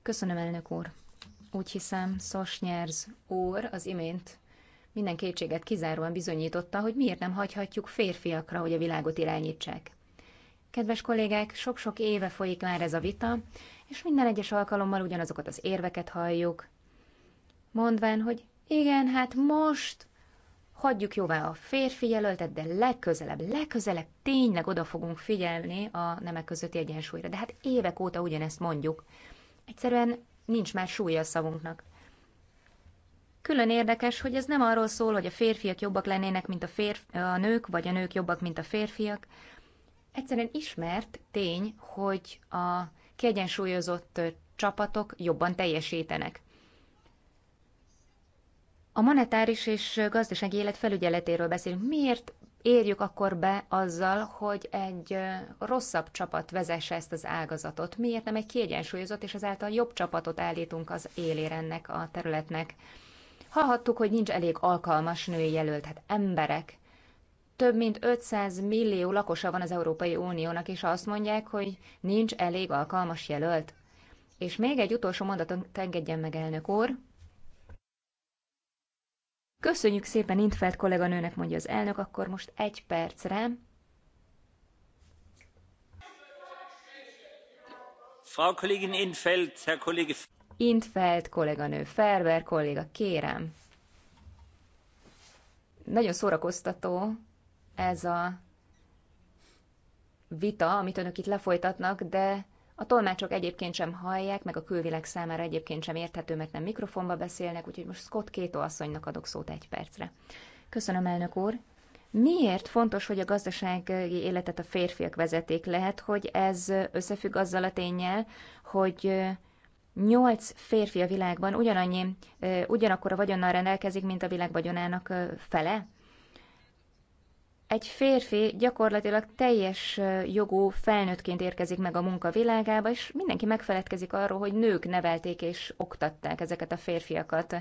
Köszönöm, elnök úr. Úgy hiszem, Szosnyerz úr az imént minden kétséget kizáróan bizonyította, hogy miért nem hagyhatjuk férfiakra, hogy a világot irányítsák. Kedves kollégák, sok-sok éve folyik már ez a vita, és minden egyes alkalommal ugyanazokat az érveket halljuk, mondván, hogy igen, hát most hagyjuk jóvá a férfi jelöltet, de legközelebb, legközelebb tényleg oda fogunk figyelni a nemek közötti egyensúlyra. De hát évek óta ugyanezt mondjuk. Egyszerűen nincs már súlya a szavunknak. Külön érdekes, hogy ez nem arról szól, hogy a férfiak jobbak lennének, mint a, férf- a nők, vagy a nők jobbak, mint a férfiak egyszerűen ismert tény, hogy a kiegyensúlyozott csapatok jobban teljesítenek. A monetáris és gazdasági élet felügyeletéről beszélünk. Miért érjük akkor be azzal, hogy egy rosszabb csapat vezesse ezt az ágazatot? Miért nem egy kiegyensúlyozott és ezáltal jobb csapatot állítunk az élére ennek a területnek? Hallhattuk, hogy nincs elég alkalmas női jelölt, hát emberek több mint 500 millió lakosa van az Európai Uniónak, és azt mondják, hogy nincs elég alkalmas jelölt. És még egy utolsó mondatot engedjen meg, elnök úr. Köszönjük szépen Intfeld kolléganőnek, mondja az elnök, akkor most egy percre. Frau Kollegin Intfeld, Herr Kollege... Intfeld kolléganő, Ferber kolléga, kérem. Nagyon szórakoztató ez a vita, amit önök itt lefolytatnak, de a tolmácsok egyébként sem hallják, meg a külvileg számára egyébként sem érthető, mert nem mikrofonba beszélnek, úgyhogy most Scott Kéto asszonynak adok szót egy percre. Köszönöm, elnök úr. Miért fontos, hogy a gazdasági életet a férfiak vezeték? Lehet, hogy ez összefügg azzal a tényel, hogy nyolc férfi a világban ugyanannyi, ugyanakkor a vagyonnal rendelkezik, mint a világ vagyonának fele? egy férfi gyakorlatilag teljes jogú felnőttként érkezik meg a munka világába, és mindenki megfeledkezik arról, hogy nők nevelték és oktatták ezeket a férfiakat.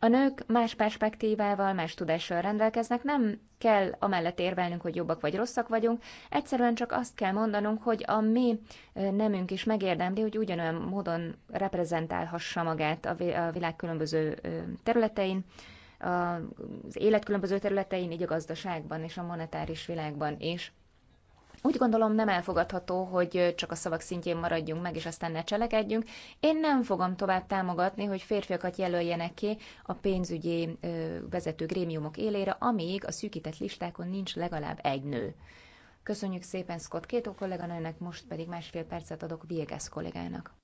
A nők más perspektívával, más tudással rendelkeznek, nem kell amellett érvelnünk, hogy jobbak vagy rosszak vagyunk, egyszerűen csak azt kell mondanunk, hogy a mi nemünk is megérdemli, hogy ugyanolyan módon reprezentálhassa magát a világ különböző területein, az élet különböző területein, így a gazdaságban és a monetáris világban is. Úgy gondolom nem elfogadható, hogy csak a szavak szintjén maradjunk meg, és aztán ne cselekedjünk. Én nem fogom tovább támogatni, hogy férfiakat jelöljenek ki a pénzügyi vezető grémiumok élére, amíg a szűkített listákon nincs legalább egy nő. Köszönjük szépen Scott Kétó kolléganőnek, most pedig másfél percet adok Viegas kollégának.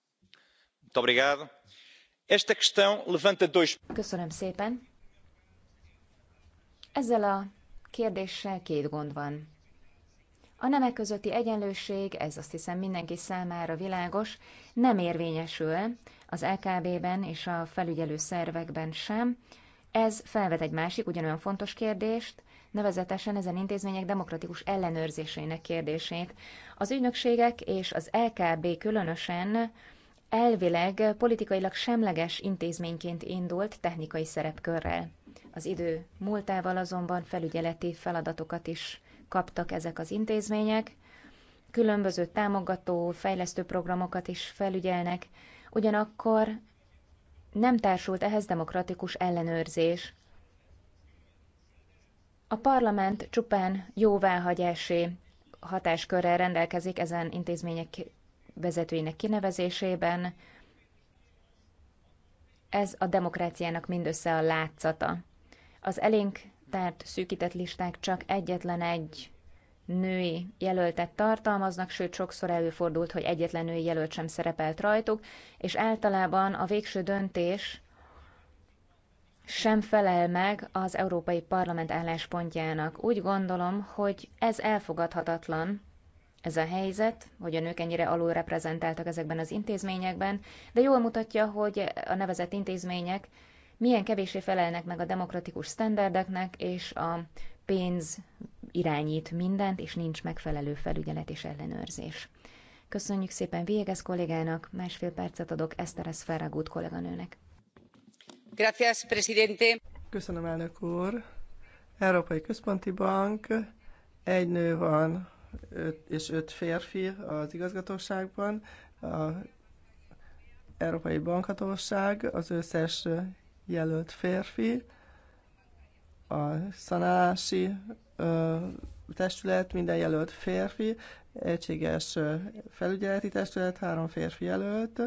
Köszönöm szépen. Ezzel a kérdéssel két gond van. A nemek közötti egyenlőség, ez azt hiszem mindenki számára világos, nem érvényesül az LKB-ben és a felügyelő szervekben sem. Ez felvet egy másik, ugyanolyan fontos kérdést, nevezetesen ezen intézmények demokratikus ellenőrzésének kérdését. Az ügynökségek és az LKB különösen elvileg politikailag semleges intézményként indult technikai szerepkörrel. Az idő múltával azonban felügyeleti feladatokat is kaptak ezek az intézmények, különböző támogató, fejlesztő programokat is felügyelnek, ugyanakkor nem társult ehhez demokratikus ellenőrzés. A parlament csupán jóváhagyási hatáskörrel rendelkezik ezen intézmények vezetőinek kinevezésében, ez a demokráciának mindössze a látszata. Az elénk tárt szűkített listák csak egyetlen egy női jelöltet tartalmaznak, sőt sokszor előfordult, hogy egyetlen női jelölt sem szerepelt rajtuk, és általában a végső döntés sem felel meg az Európai Parlament álláspontjának. Úgy gondolom, hogy ez elfogadhatatlan, ez a helyzet, hogy a nők ennyire alulreprezentáltak ezekben az intézményekben, de jól mutatja, hogy a nevezett intézmények milyen kevésé felelnek meg a demokratikus sztenderdeknek, és a pénz irányít mindent, és nincs megfelelő felügyelet és ellenőrzés. Köszönjük szépen Viegas kollégának, másfél percet adok Eszteres Ferragut kolléganőnek. Gracias, presidente. Köszönöm, elnök úr. Európai Központi Bank, egy nő van és öt férfi az igazgatóságban, a Európai Bankhatóság, az összes jelölt férfi, a szanálási ö, testület, minden jelölt férfi, egységes felügyeleti testület, három férfi jelölt,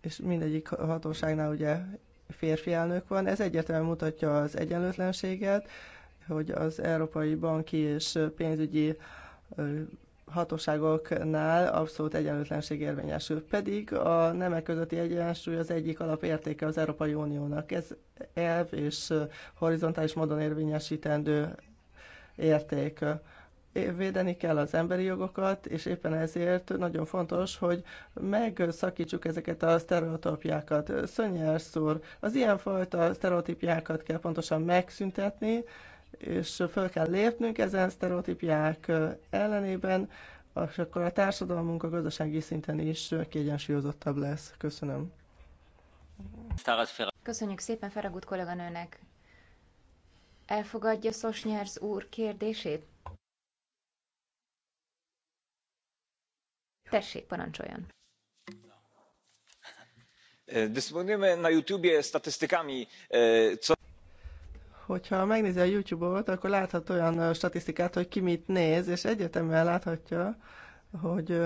és mindegyik hatóságnál ugye férfi elnök van. Ez egyértelműen mutatja az egyenlőtlenséget, hogy az Európai Banki és Pénzügyi hatóságoknál abszolút egyenlőtlenség érvényesül. Pedig a nemek közötti egyensúly az egyik alapértéke az Európai Uniónak. Ez elv és horizontális módon érvényesítendő érték. Védeni kell az emberi jogokat, és éppen ezért nagyon fontos, hogy megszakítsuk ezeket a sztereotópiákat. Szönyelszúr, az ilyenfajta sztereotípiákat kell pontosan megszüntetni, és föl kell lépnünk ezen sztereotípiák ellenében, és akkor a társadalmunk a gazdasági szinten is kiegyensúlyozottabb lesz. Köszönöm. Köszönjük szépen Feragut kolléganőnek. Elfogadja Szosnyerz úr kérdését? Tessék, parancsoljon. Dysponujemy na YouTubie statystykami, e, co... Hogyha megnézi a YouTube-ot, akkor láthat olyan statisztikát, hogy ki mit néz, és egyetemben láthatja, hogy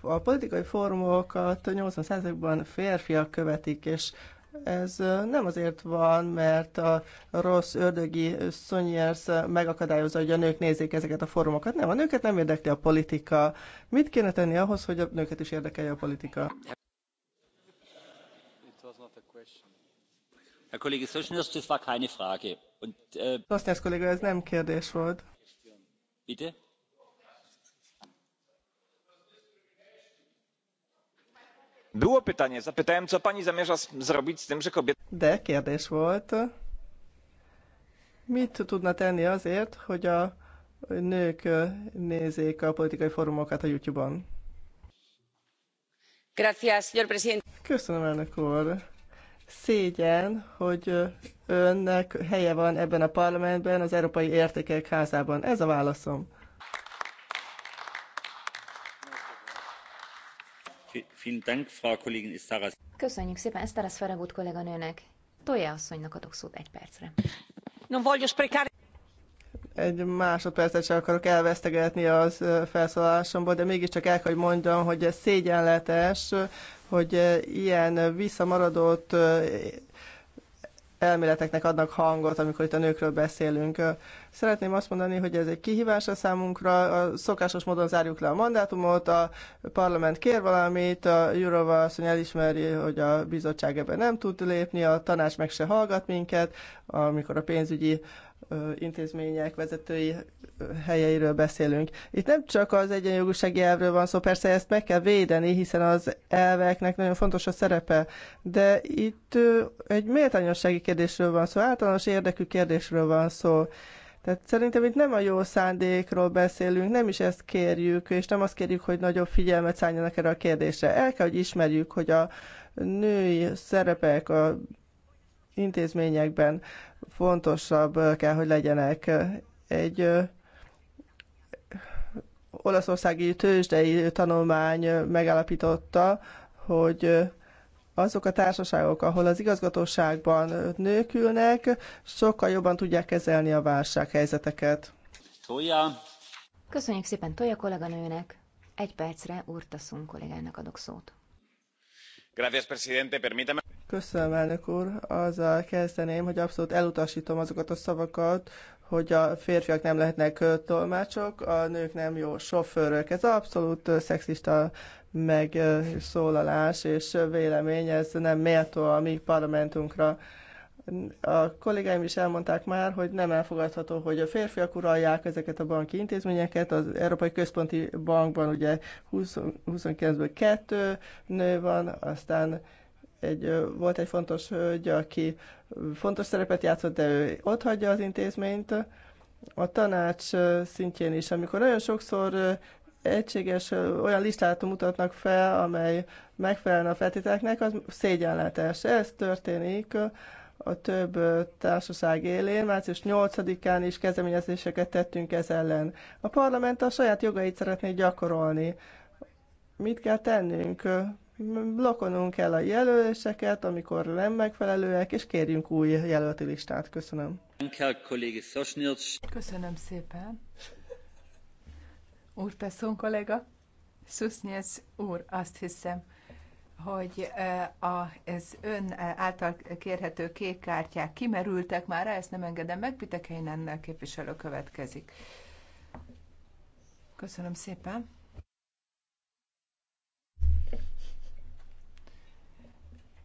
a politikai fórumokat 80%-ban férfiak követik, és ez nem azért van, mert a rossz ördögi Sonyers megakadályozza, hogy a nők nézzék ezeket a fórumokat. Nem, a nőket nem érdekli a politika. Mit kéne tenni ahhoz, hogy a nőket is érdekelje a politika? It was not a question herr kollege äh, kolléga ez nem kérdés volt. bitte? Było pytanie. Zapytałem, co pani zamierza zrobić z tym, że kobiety... De, kérdés volt. Mit tudna tenni azért, hogy a nők nézzék a politikai fórumokat a YouTube-on? Gracias, señor presidente. Köszönöm, elnök úr szégyen, hogy önnek helye van ebben a parlamentben, az Európai Értékek Házában. Ez a válaszom. Köszönjük szépen Estaras Ferragut kolléganőnek. Tolja asszonynak adok szót egy percre egy másodpercet sem akarok elvesztegetni az felszólalásomból, de mégiscsak el kell, hogy mondjam, hogy ez szégyenletes, hogy ilyen visszamaradott elméleteknek adnak hangot, amikor itt a nőkről beszélünk. Szeretném azt mondani, hogy ez egy kihívás a számunkra. A szokásos módon zárjuk le a mandátumot, a parlament kér valamit, a Jurova asszony elismeri, hogy a bizottság ebben nem tud lépni, a tanács meg se hallgat minket, amikor a pénzügyi uh, intézmények vezetői helyeiről beszélünk. Itt nem csak az egyenjogúsági elvről van szó, persze ezt meg kell védeni, hiszen az elveknek nagyon fontos a szerepe, de itt egy méltányossági kérdésről van szó, általános érdekű kérdésről van szó. Tehát szerintem itt nem a jó szándékról beszélünk, nem is ezt kérjük, és nem azt kérjük, hogy nagyobb figyelmet szálljanak erre a kérdésre. El kell, hogy ismerjük, hogy a női szerepek a intézményekben fontosabb kell, hogy legyenek. Egy olaszországi tőzsdei tanulmány megállapította, hogy azok a társaságok, ahol az igazgatóságban nők ülnek, sokkal jobban tudják kezelni a válsághelyzeteket. Tója! Köszönjük szépen Tója kolléganőnek. Egy percre Urtaszun kollégának adok szót. Gracias, presidente. Permítame... Köszönöm, elnök úr. Azzal kezdeném, hogy abszolút elutasítom azokat a szavakat, hogy a férfiak nem lehetnek tolmácsok, a nők nem jó sofőrök. Ez abszolút szexista megszólalás és vélemény, ez nem méltó a mi parlamentunkra. A kollégáim is elmondták már, hogy nem elfogadható, hogy a férfiak uralják ezeket a banki intézményeket. Az Európai Központi Bankban ugye 20, 29-ből kettő nő van, aztán egy, volt egy fontos hölgy, aki fontos szerepet játszott, de ő ott hagyja az intézményt. A tanács szintjén is, amikor nagyon sokszor egységes olyan listát mutatnak fel, amely megfelelne a feltételeknek, az szégyenletes. Ez történik a több társaság élén. Március 8-án is kezdeményezéseket tettünk ez ellen. A parlament a saját jogait szeretné gyakorolni. Mit kell tennünk? blokkolnunk kell a jelöléseket, amikor nem megfelelőek, és kérjünk új jelölti listát. Köszönöm. Köszönöm szépen. Úr Pesson kollega, Szusznyec úr, azt hiszem, hogy eh, az ön eh, által kérhető kék kártyák kimerültek már, ezt nem engedem meg, Pitekeinen képviselő következik. Köszönöm szépen.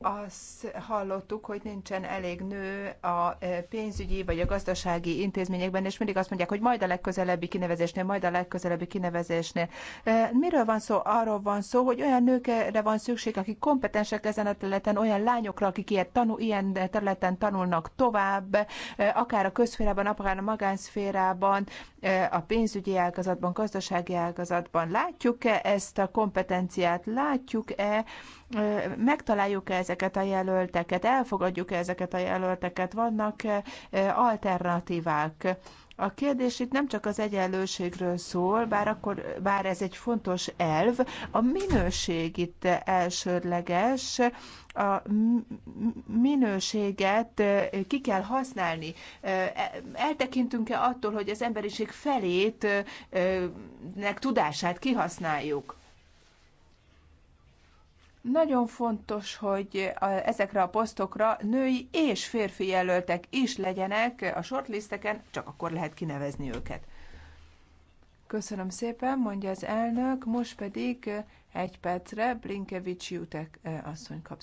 azt hallottuk, hogy nincsen elég nő a e, pénzügyi vagy a gazdasági intézményekben, és mindig azt mondják, hogy majd a legközelebbi kinevezésnél, majd a legközelebbi kinevezésnél. E, miről van szó? Arról van szó, hogy olyan nőkre van szükség, akik kompetensek ezen a területen, olyan lányokra, akik ilyen, tanul, ilyen területen tanulnak tovább, e, akár a közférában, akár a magánszférában, a pénzügyi ágazatban, gazdasági ágazatban. Látjuk-e ezt a kompetenciát? Látjuk-e, megtaláljuk-e ezeket? ezeket a jelölteket, elfogadjuk -e ezeket a jelölteket, vannak eh, eh, alternatívák. A kérdés itt nem csak az egyenlőségről szól, bár, akkor, bár ez egy fontos elv, a minőség itt elsődleges, a minőséget eh, ki kell használni. Eltekintünk-e attól, hogy az emberiség felét nek tudását kihasználjuk? Nagyon fontos, hogy ezekre a posztokra női és férfi jelöltek is legyenek a shortlisteken, csak akkor lehet kinevezni őket. Köszönöm szépen, mondja az elnök, most pedig egy percre Blinkevics Jutek eh, asszony kap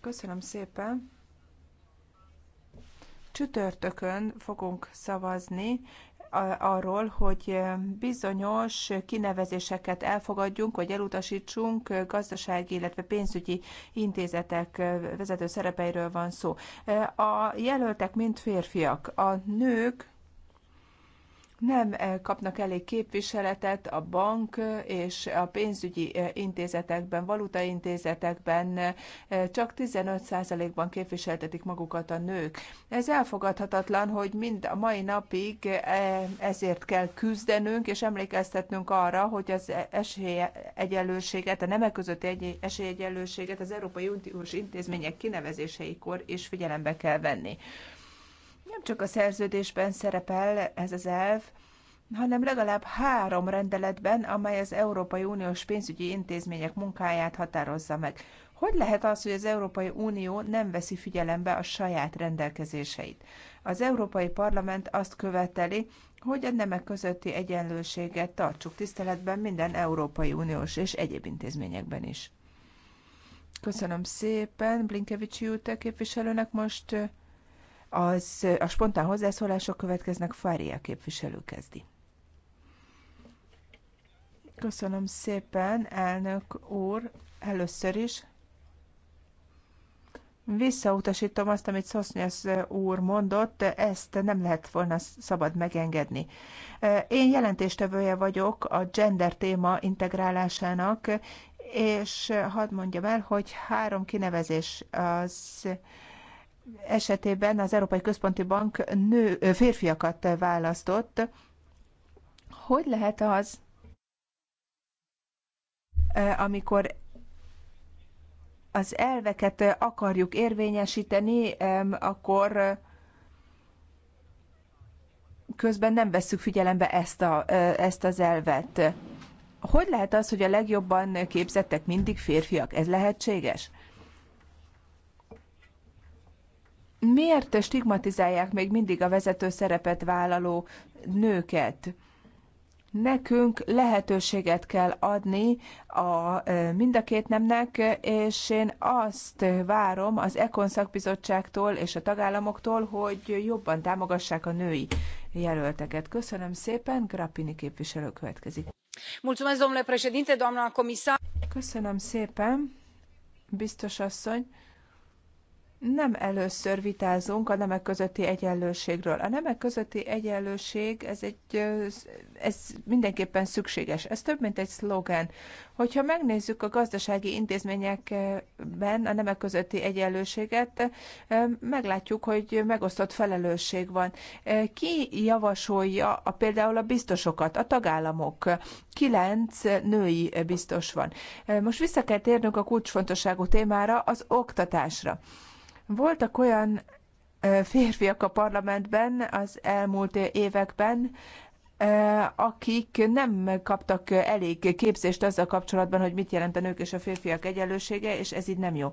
Köszönöm szépen. Csütörtökön fogunk szavazni arról, hogy bizonyos kinevezéseket elfogadjunk, vagy elutasítsunk, gazdasági, illetve pénzügyi intézetek vezető szerepeiről van szó. A jelöltek mind férfiak, a nők nem eh, kapnak elég képviseletet a bank eh, és a pénzügyi eh, intézetekben, valutaintézetekben, csak 15%-ban képviseltetik magukat a nők. Ez elfogadhatatlan, hogy mind a mai napig ezért kell küzdenünk és emlékeztetnünk arra, hogy az esélyegyenlőséget, a nemek közötti esélyegyenlőséget az Európai Uniós intézmények kinevezéseikor is figyelembe kell venni. Nem csak a szerződésben szerepel ez az elv, hanem legalább három rendeletben, amely az Európai Uniós pénzügyi intézmények munkáját határozza meg. Hogy lehet az, hogy az Európai Unió nem veszi figyelembe a saját rendelkezéseit? Az Európai Parlament azt követeli, hogy a nemek közötti egyenlőséget tartsuk tiszteletben minden Európai Uniós és egyéb intézményekben is. Köszönöm szépen Blinkevics Jute képviselőnek most az, a spontán hozzászólások következnek, Fária képviselő kezdi. Köszönöm szépen, elnök úr, először is. Visszautasítom azt, amit Szosznyasz úr mondott, ezt nem lehet volna szabad megengedni. Én jelentéstevője vagyok a gender téma integrálásának, és hadd mondjam el, hogy három kinevezés az esetében az Európai Központi Bank nő, férfiakat választott. Hogy lehet az, amikor az elveket akarjuk érvényesíteni, akkor közben nem vesszük figyelembe ezt, a, ezt az elvet. Hogy lehet az, hogy a legjobban képzettek mindig férfiak? Ez lehetséges? miért stigmatizálják még mindig a vezető szerepet vállaló nőket? Nekünk lehetőséget kell adni a, mind a két nemnek, és én azt várom az Ekon szakbizottságtól és a tagállamoktól, hogy jobban támogassák a női jelölteket. Köszönöm szépen, Grappini képviselő következik. Köszönöm szépen, biztos asszony nem először vitázunk a nemek közötti egyenlőségről. A nemek közötti egyenlőség, ez, egy, ez mindenképpen szükséges. Ez több, mint egy szlogen. Hogyha megnézzük a gazdasági intézményekben a nemek közötti egyenlőséget, meglátjuk, hogy megosztott felelősség van. Ki javasolja a, például a biztosokat? A tagállamok. Kilenc női biztos van. Most vissza kell térnünk a kulcsfontosságú témára, az oktatásra. Voltak olyan férfiak a parlamentben az elmúlt években, akik nem kaptak elég képzést azzal kapcsolatban, hogy mit jelent a nők és a férfiak egyenlősége, és ez így nem jó.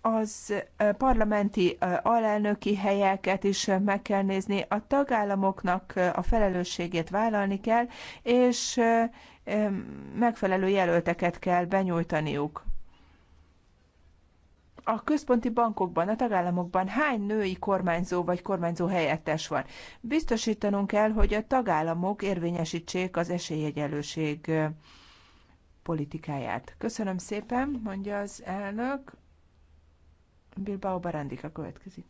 az parlamenti alelnöki helyeket is meg kell nézni, a tagállamoknak a felelősségét vállalni kell, és megfelelő jelölteket kell benyújtaniuk. A központi bankokban, a tagállamokban hány női kormányzó vagy kormányzó helyettes van? Biztosítanunk kell, hogy a tagállamok érvényesítsék az esélyegyelőség politikáját. Köszönöm szépen, mondja az elnök. Bilbao Barandika következik.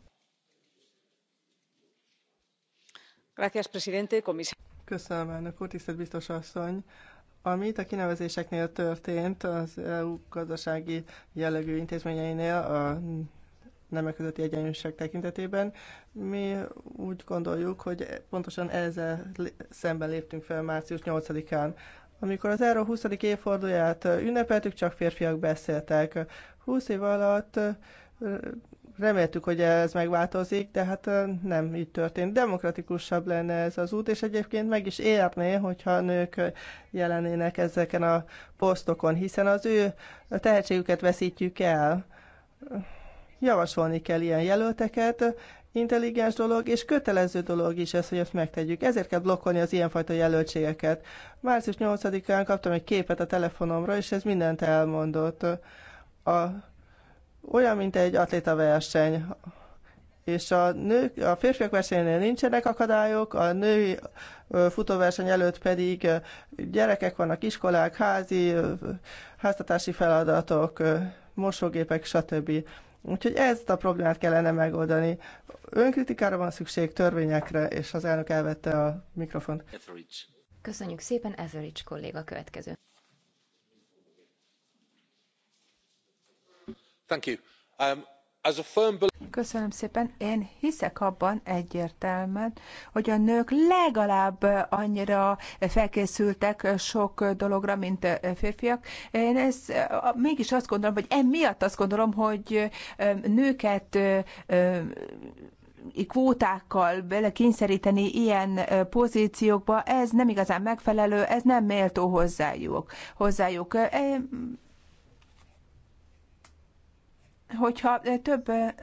Köszönöm, elnök úr, tisztelt biztos asszony! Amit a kinevezéseknél történt az EU gazdasági jellegű intézményeinél, a nemek közötti egyenlőség tekintetében. Mi úgy gondoljuk, hogy pontosan ezzel szemben léptünk fel március 8-án. Amikor az Euró 20. évfordulóját ünnepeltük, csak férfiak beszéltek. 20 év alatt reméltük, hogy ez megváltozik, de hát nem így történt. Demokratikusabb lenne ez az út, és egyébként meg is érné, hogyha nők jelenének ezeken a posztokon, hiszen az ő tehetségüket veszítjük el. Javasolni kell ilyen jelölteket, intelligens dolog, és kötelező dolog is ez, hogy ezt megtegyük. Ezért kell blokkolni az ilyenfajta jelöltségeket. Március 8-án kaptam egy képet a telefonomra, és ez mindent elmondott. A olyan, mint egy verseny. És a, nők, a férfiak versenynél nincsenek akadályok, a női futóverseny előtt pedig gyerekek vannak, iskolák, házi, háztatási feladatok, mosógépek, stb. Úgyhogy ezt a problémát kellene megoldani. Önkritikára van szükség, törvényekre, és az elnök elvette a mikrofont. Köszönjük szépen, Etheridge kolléga következő. Um, Köszönöm szépen. Én hiszek abban egyértelműen, hogy a nők legalább annyira felkészültek sok dologra, mint a férfiak. Én ez, mégis azt gondolom, vagy emiatt azt gondolom, hogy nőket kvótákkal belekényszeríteni ilyen pozíciókba, ez nem igazán megfelelő, ez nem méltó hozzájuk. hozzájuk hogyha eh, több eh,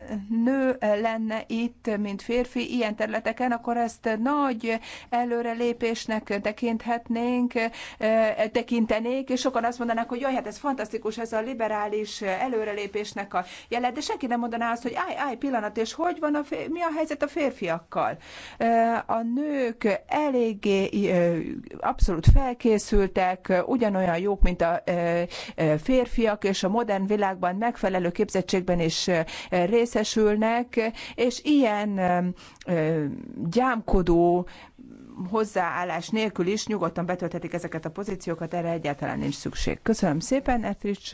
nő eh, lenne itt, mint férfi ilyen területeken, akkor ezt nagy előrelépésnek tekinthetnénk, tekintenék, és sokan azt mondanák, hogy jaj, hát ez fantasztikus, ez a liberális előrelépésnek a jele, de senki nem mondaná azt, hogy állj, állj, pillanat, és hogy van a férfi, mi a helyzet a férfiakkal? A nők eléggé abszolút felkészültek, ugyanolyan jók, mint a férfiak, és a modern világban megfelelő képzettség segítségben is részesülnek, és ilyen gyámkodó hozzáállás nélkül is nyugodtan betölthetik ezeket a pozíciókat, erre egyáltalán nincs szükség. Köszönöm szépen Etrics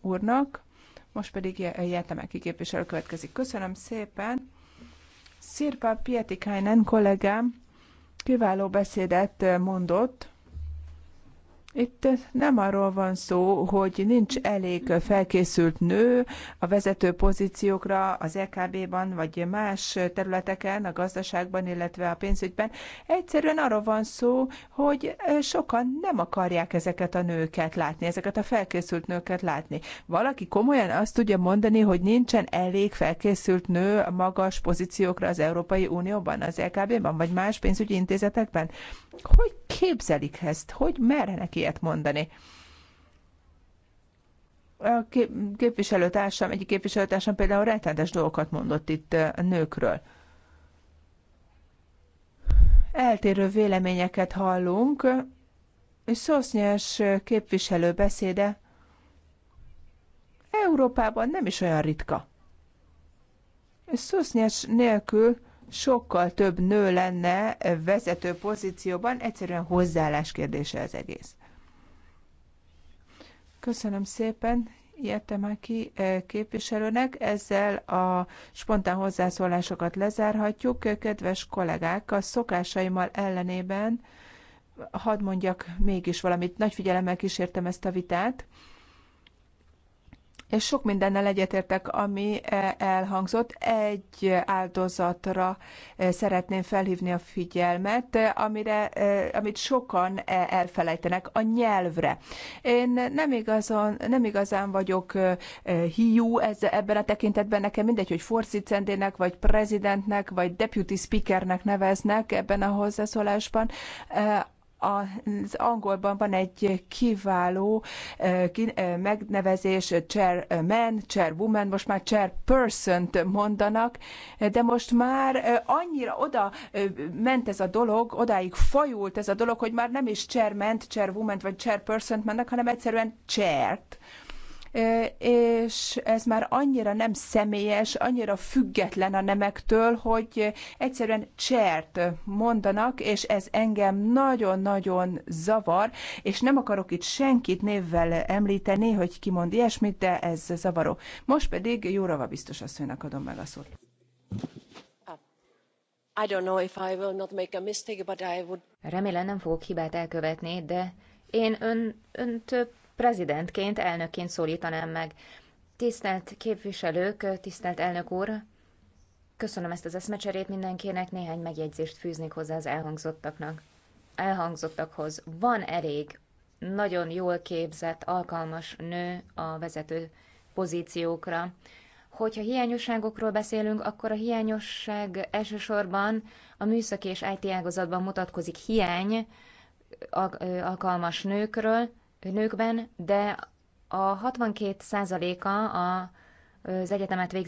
úrnak, most pedig Jertemeki képviselő következik. Köszönöm szépen. Szirpa Pietikainen kollégám kiváló beszédet mondott, itt nem arról van szó, hogy nincs elég felkészült nő a vezető pozíciókra az EKB-ban, vagy más területeken, a gazdaságban, illetve a pénzügyben. Egyszerűen arról van szó, hogy sokan nem akarják ezeket a nőket látni, ezeket a felkészült nőket látni. Valaki komolyan azt tudja mondani, hogy nincsen elég felkészült nő a magas pozíciókra az Európai Unióban, az EKB-ban, vagy más pénzügyi intézetekben. Hogy képzelik ezt? Hogy mernek ilyen ilyet mondani. A képviselőtársam, egyik képviselőtársam például rettenetes dolgokat mondott itt a nőkről. Eltérő véleményeket hallunk, és Szosznyes képviselő beszéde Európában nem is olyan ritka. Szosznyes nélkül sokkal több nő lenne vezető pozícióban, egyszerűen hozzáállás kérdése az egész. Köszönöm szépen Jettemáki eh, képviselőnek. Ezzel a spontán hozzászólásokat lezárhatjuk. Kedves kollégák, a szokásaimmal ellenében hadd mondjak mégis valamit. Nagy figyelemmel kísértem ezt a vitát és sok mindennel egyetértek, ami e, elhangzott. Egy áldozatra e, szeretném felhívni a figyelmet, e, amire, amit sokan elfelejtenek, a nyelvre. Én nem, igazon, nem igazán vagyok hiú ez, ebben a tekintetben, nekem mindegy, hogy forszicendének, vagy prezidentnek, vagy deputy speakernek neveznek ebben a hozzászólásban az angolban van egy kiváló eh, eh, megnevezés, "chair man", "chair woman", most már "chair person" mondanak, de most már eh, annyira oda ment ez a dolog, odáig fajult ez a dolog, hogy már nem is "chair man", "chair woman" vagy "chair person", mennek, hanem egyszerűen chair és ez már annyira nem személyes, annyira független a nemektől, hogy egyszerűen csert mondanak, és ez engem nagyon-nagyon zavar, és nem akarok itt senkit névvel említeni, hogy ki mond ilyesmit, de ez zavaró. Most pedig Jórava biztos asszonynak adom meg a szót. Uh, I don't know if I will not make a mistake, but I would... Remélem nem fogok hibát elkövetni, de én ön, több prezidentként, elnökként szólítanám meg. Tisztelt képviselők, tisztelt elnök úr, köszönöm ezt az eszmecserét mindenkinek, néhány megjegyzést fűznék hozzá az elhangzottaknak. Elhangzottakhoz van elég nagyon jól képzett, alkalmas nő a vezető pozíciókra. Hogyha hiányosságokról beszélünk, akkor a hiányosság elsősorban a műszaki és IT ágazatban mutatkozik hiány alkalmas nőkről, nőkben, de a 62 százaléka az egyetemet végzett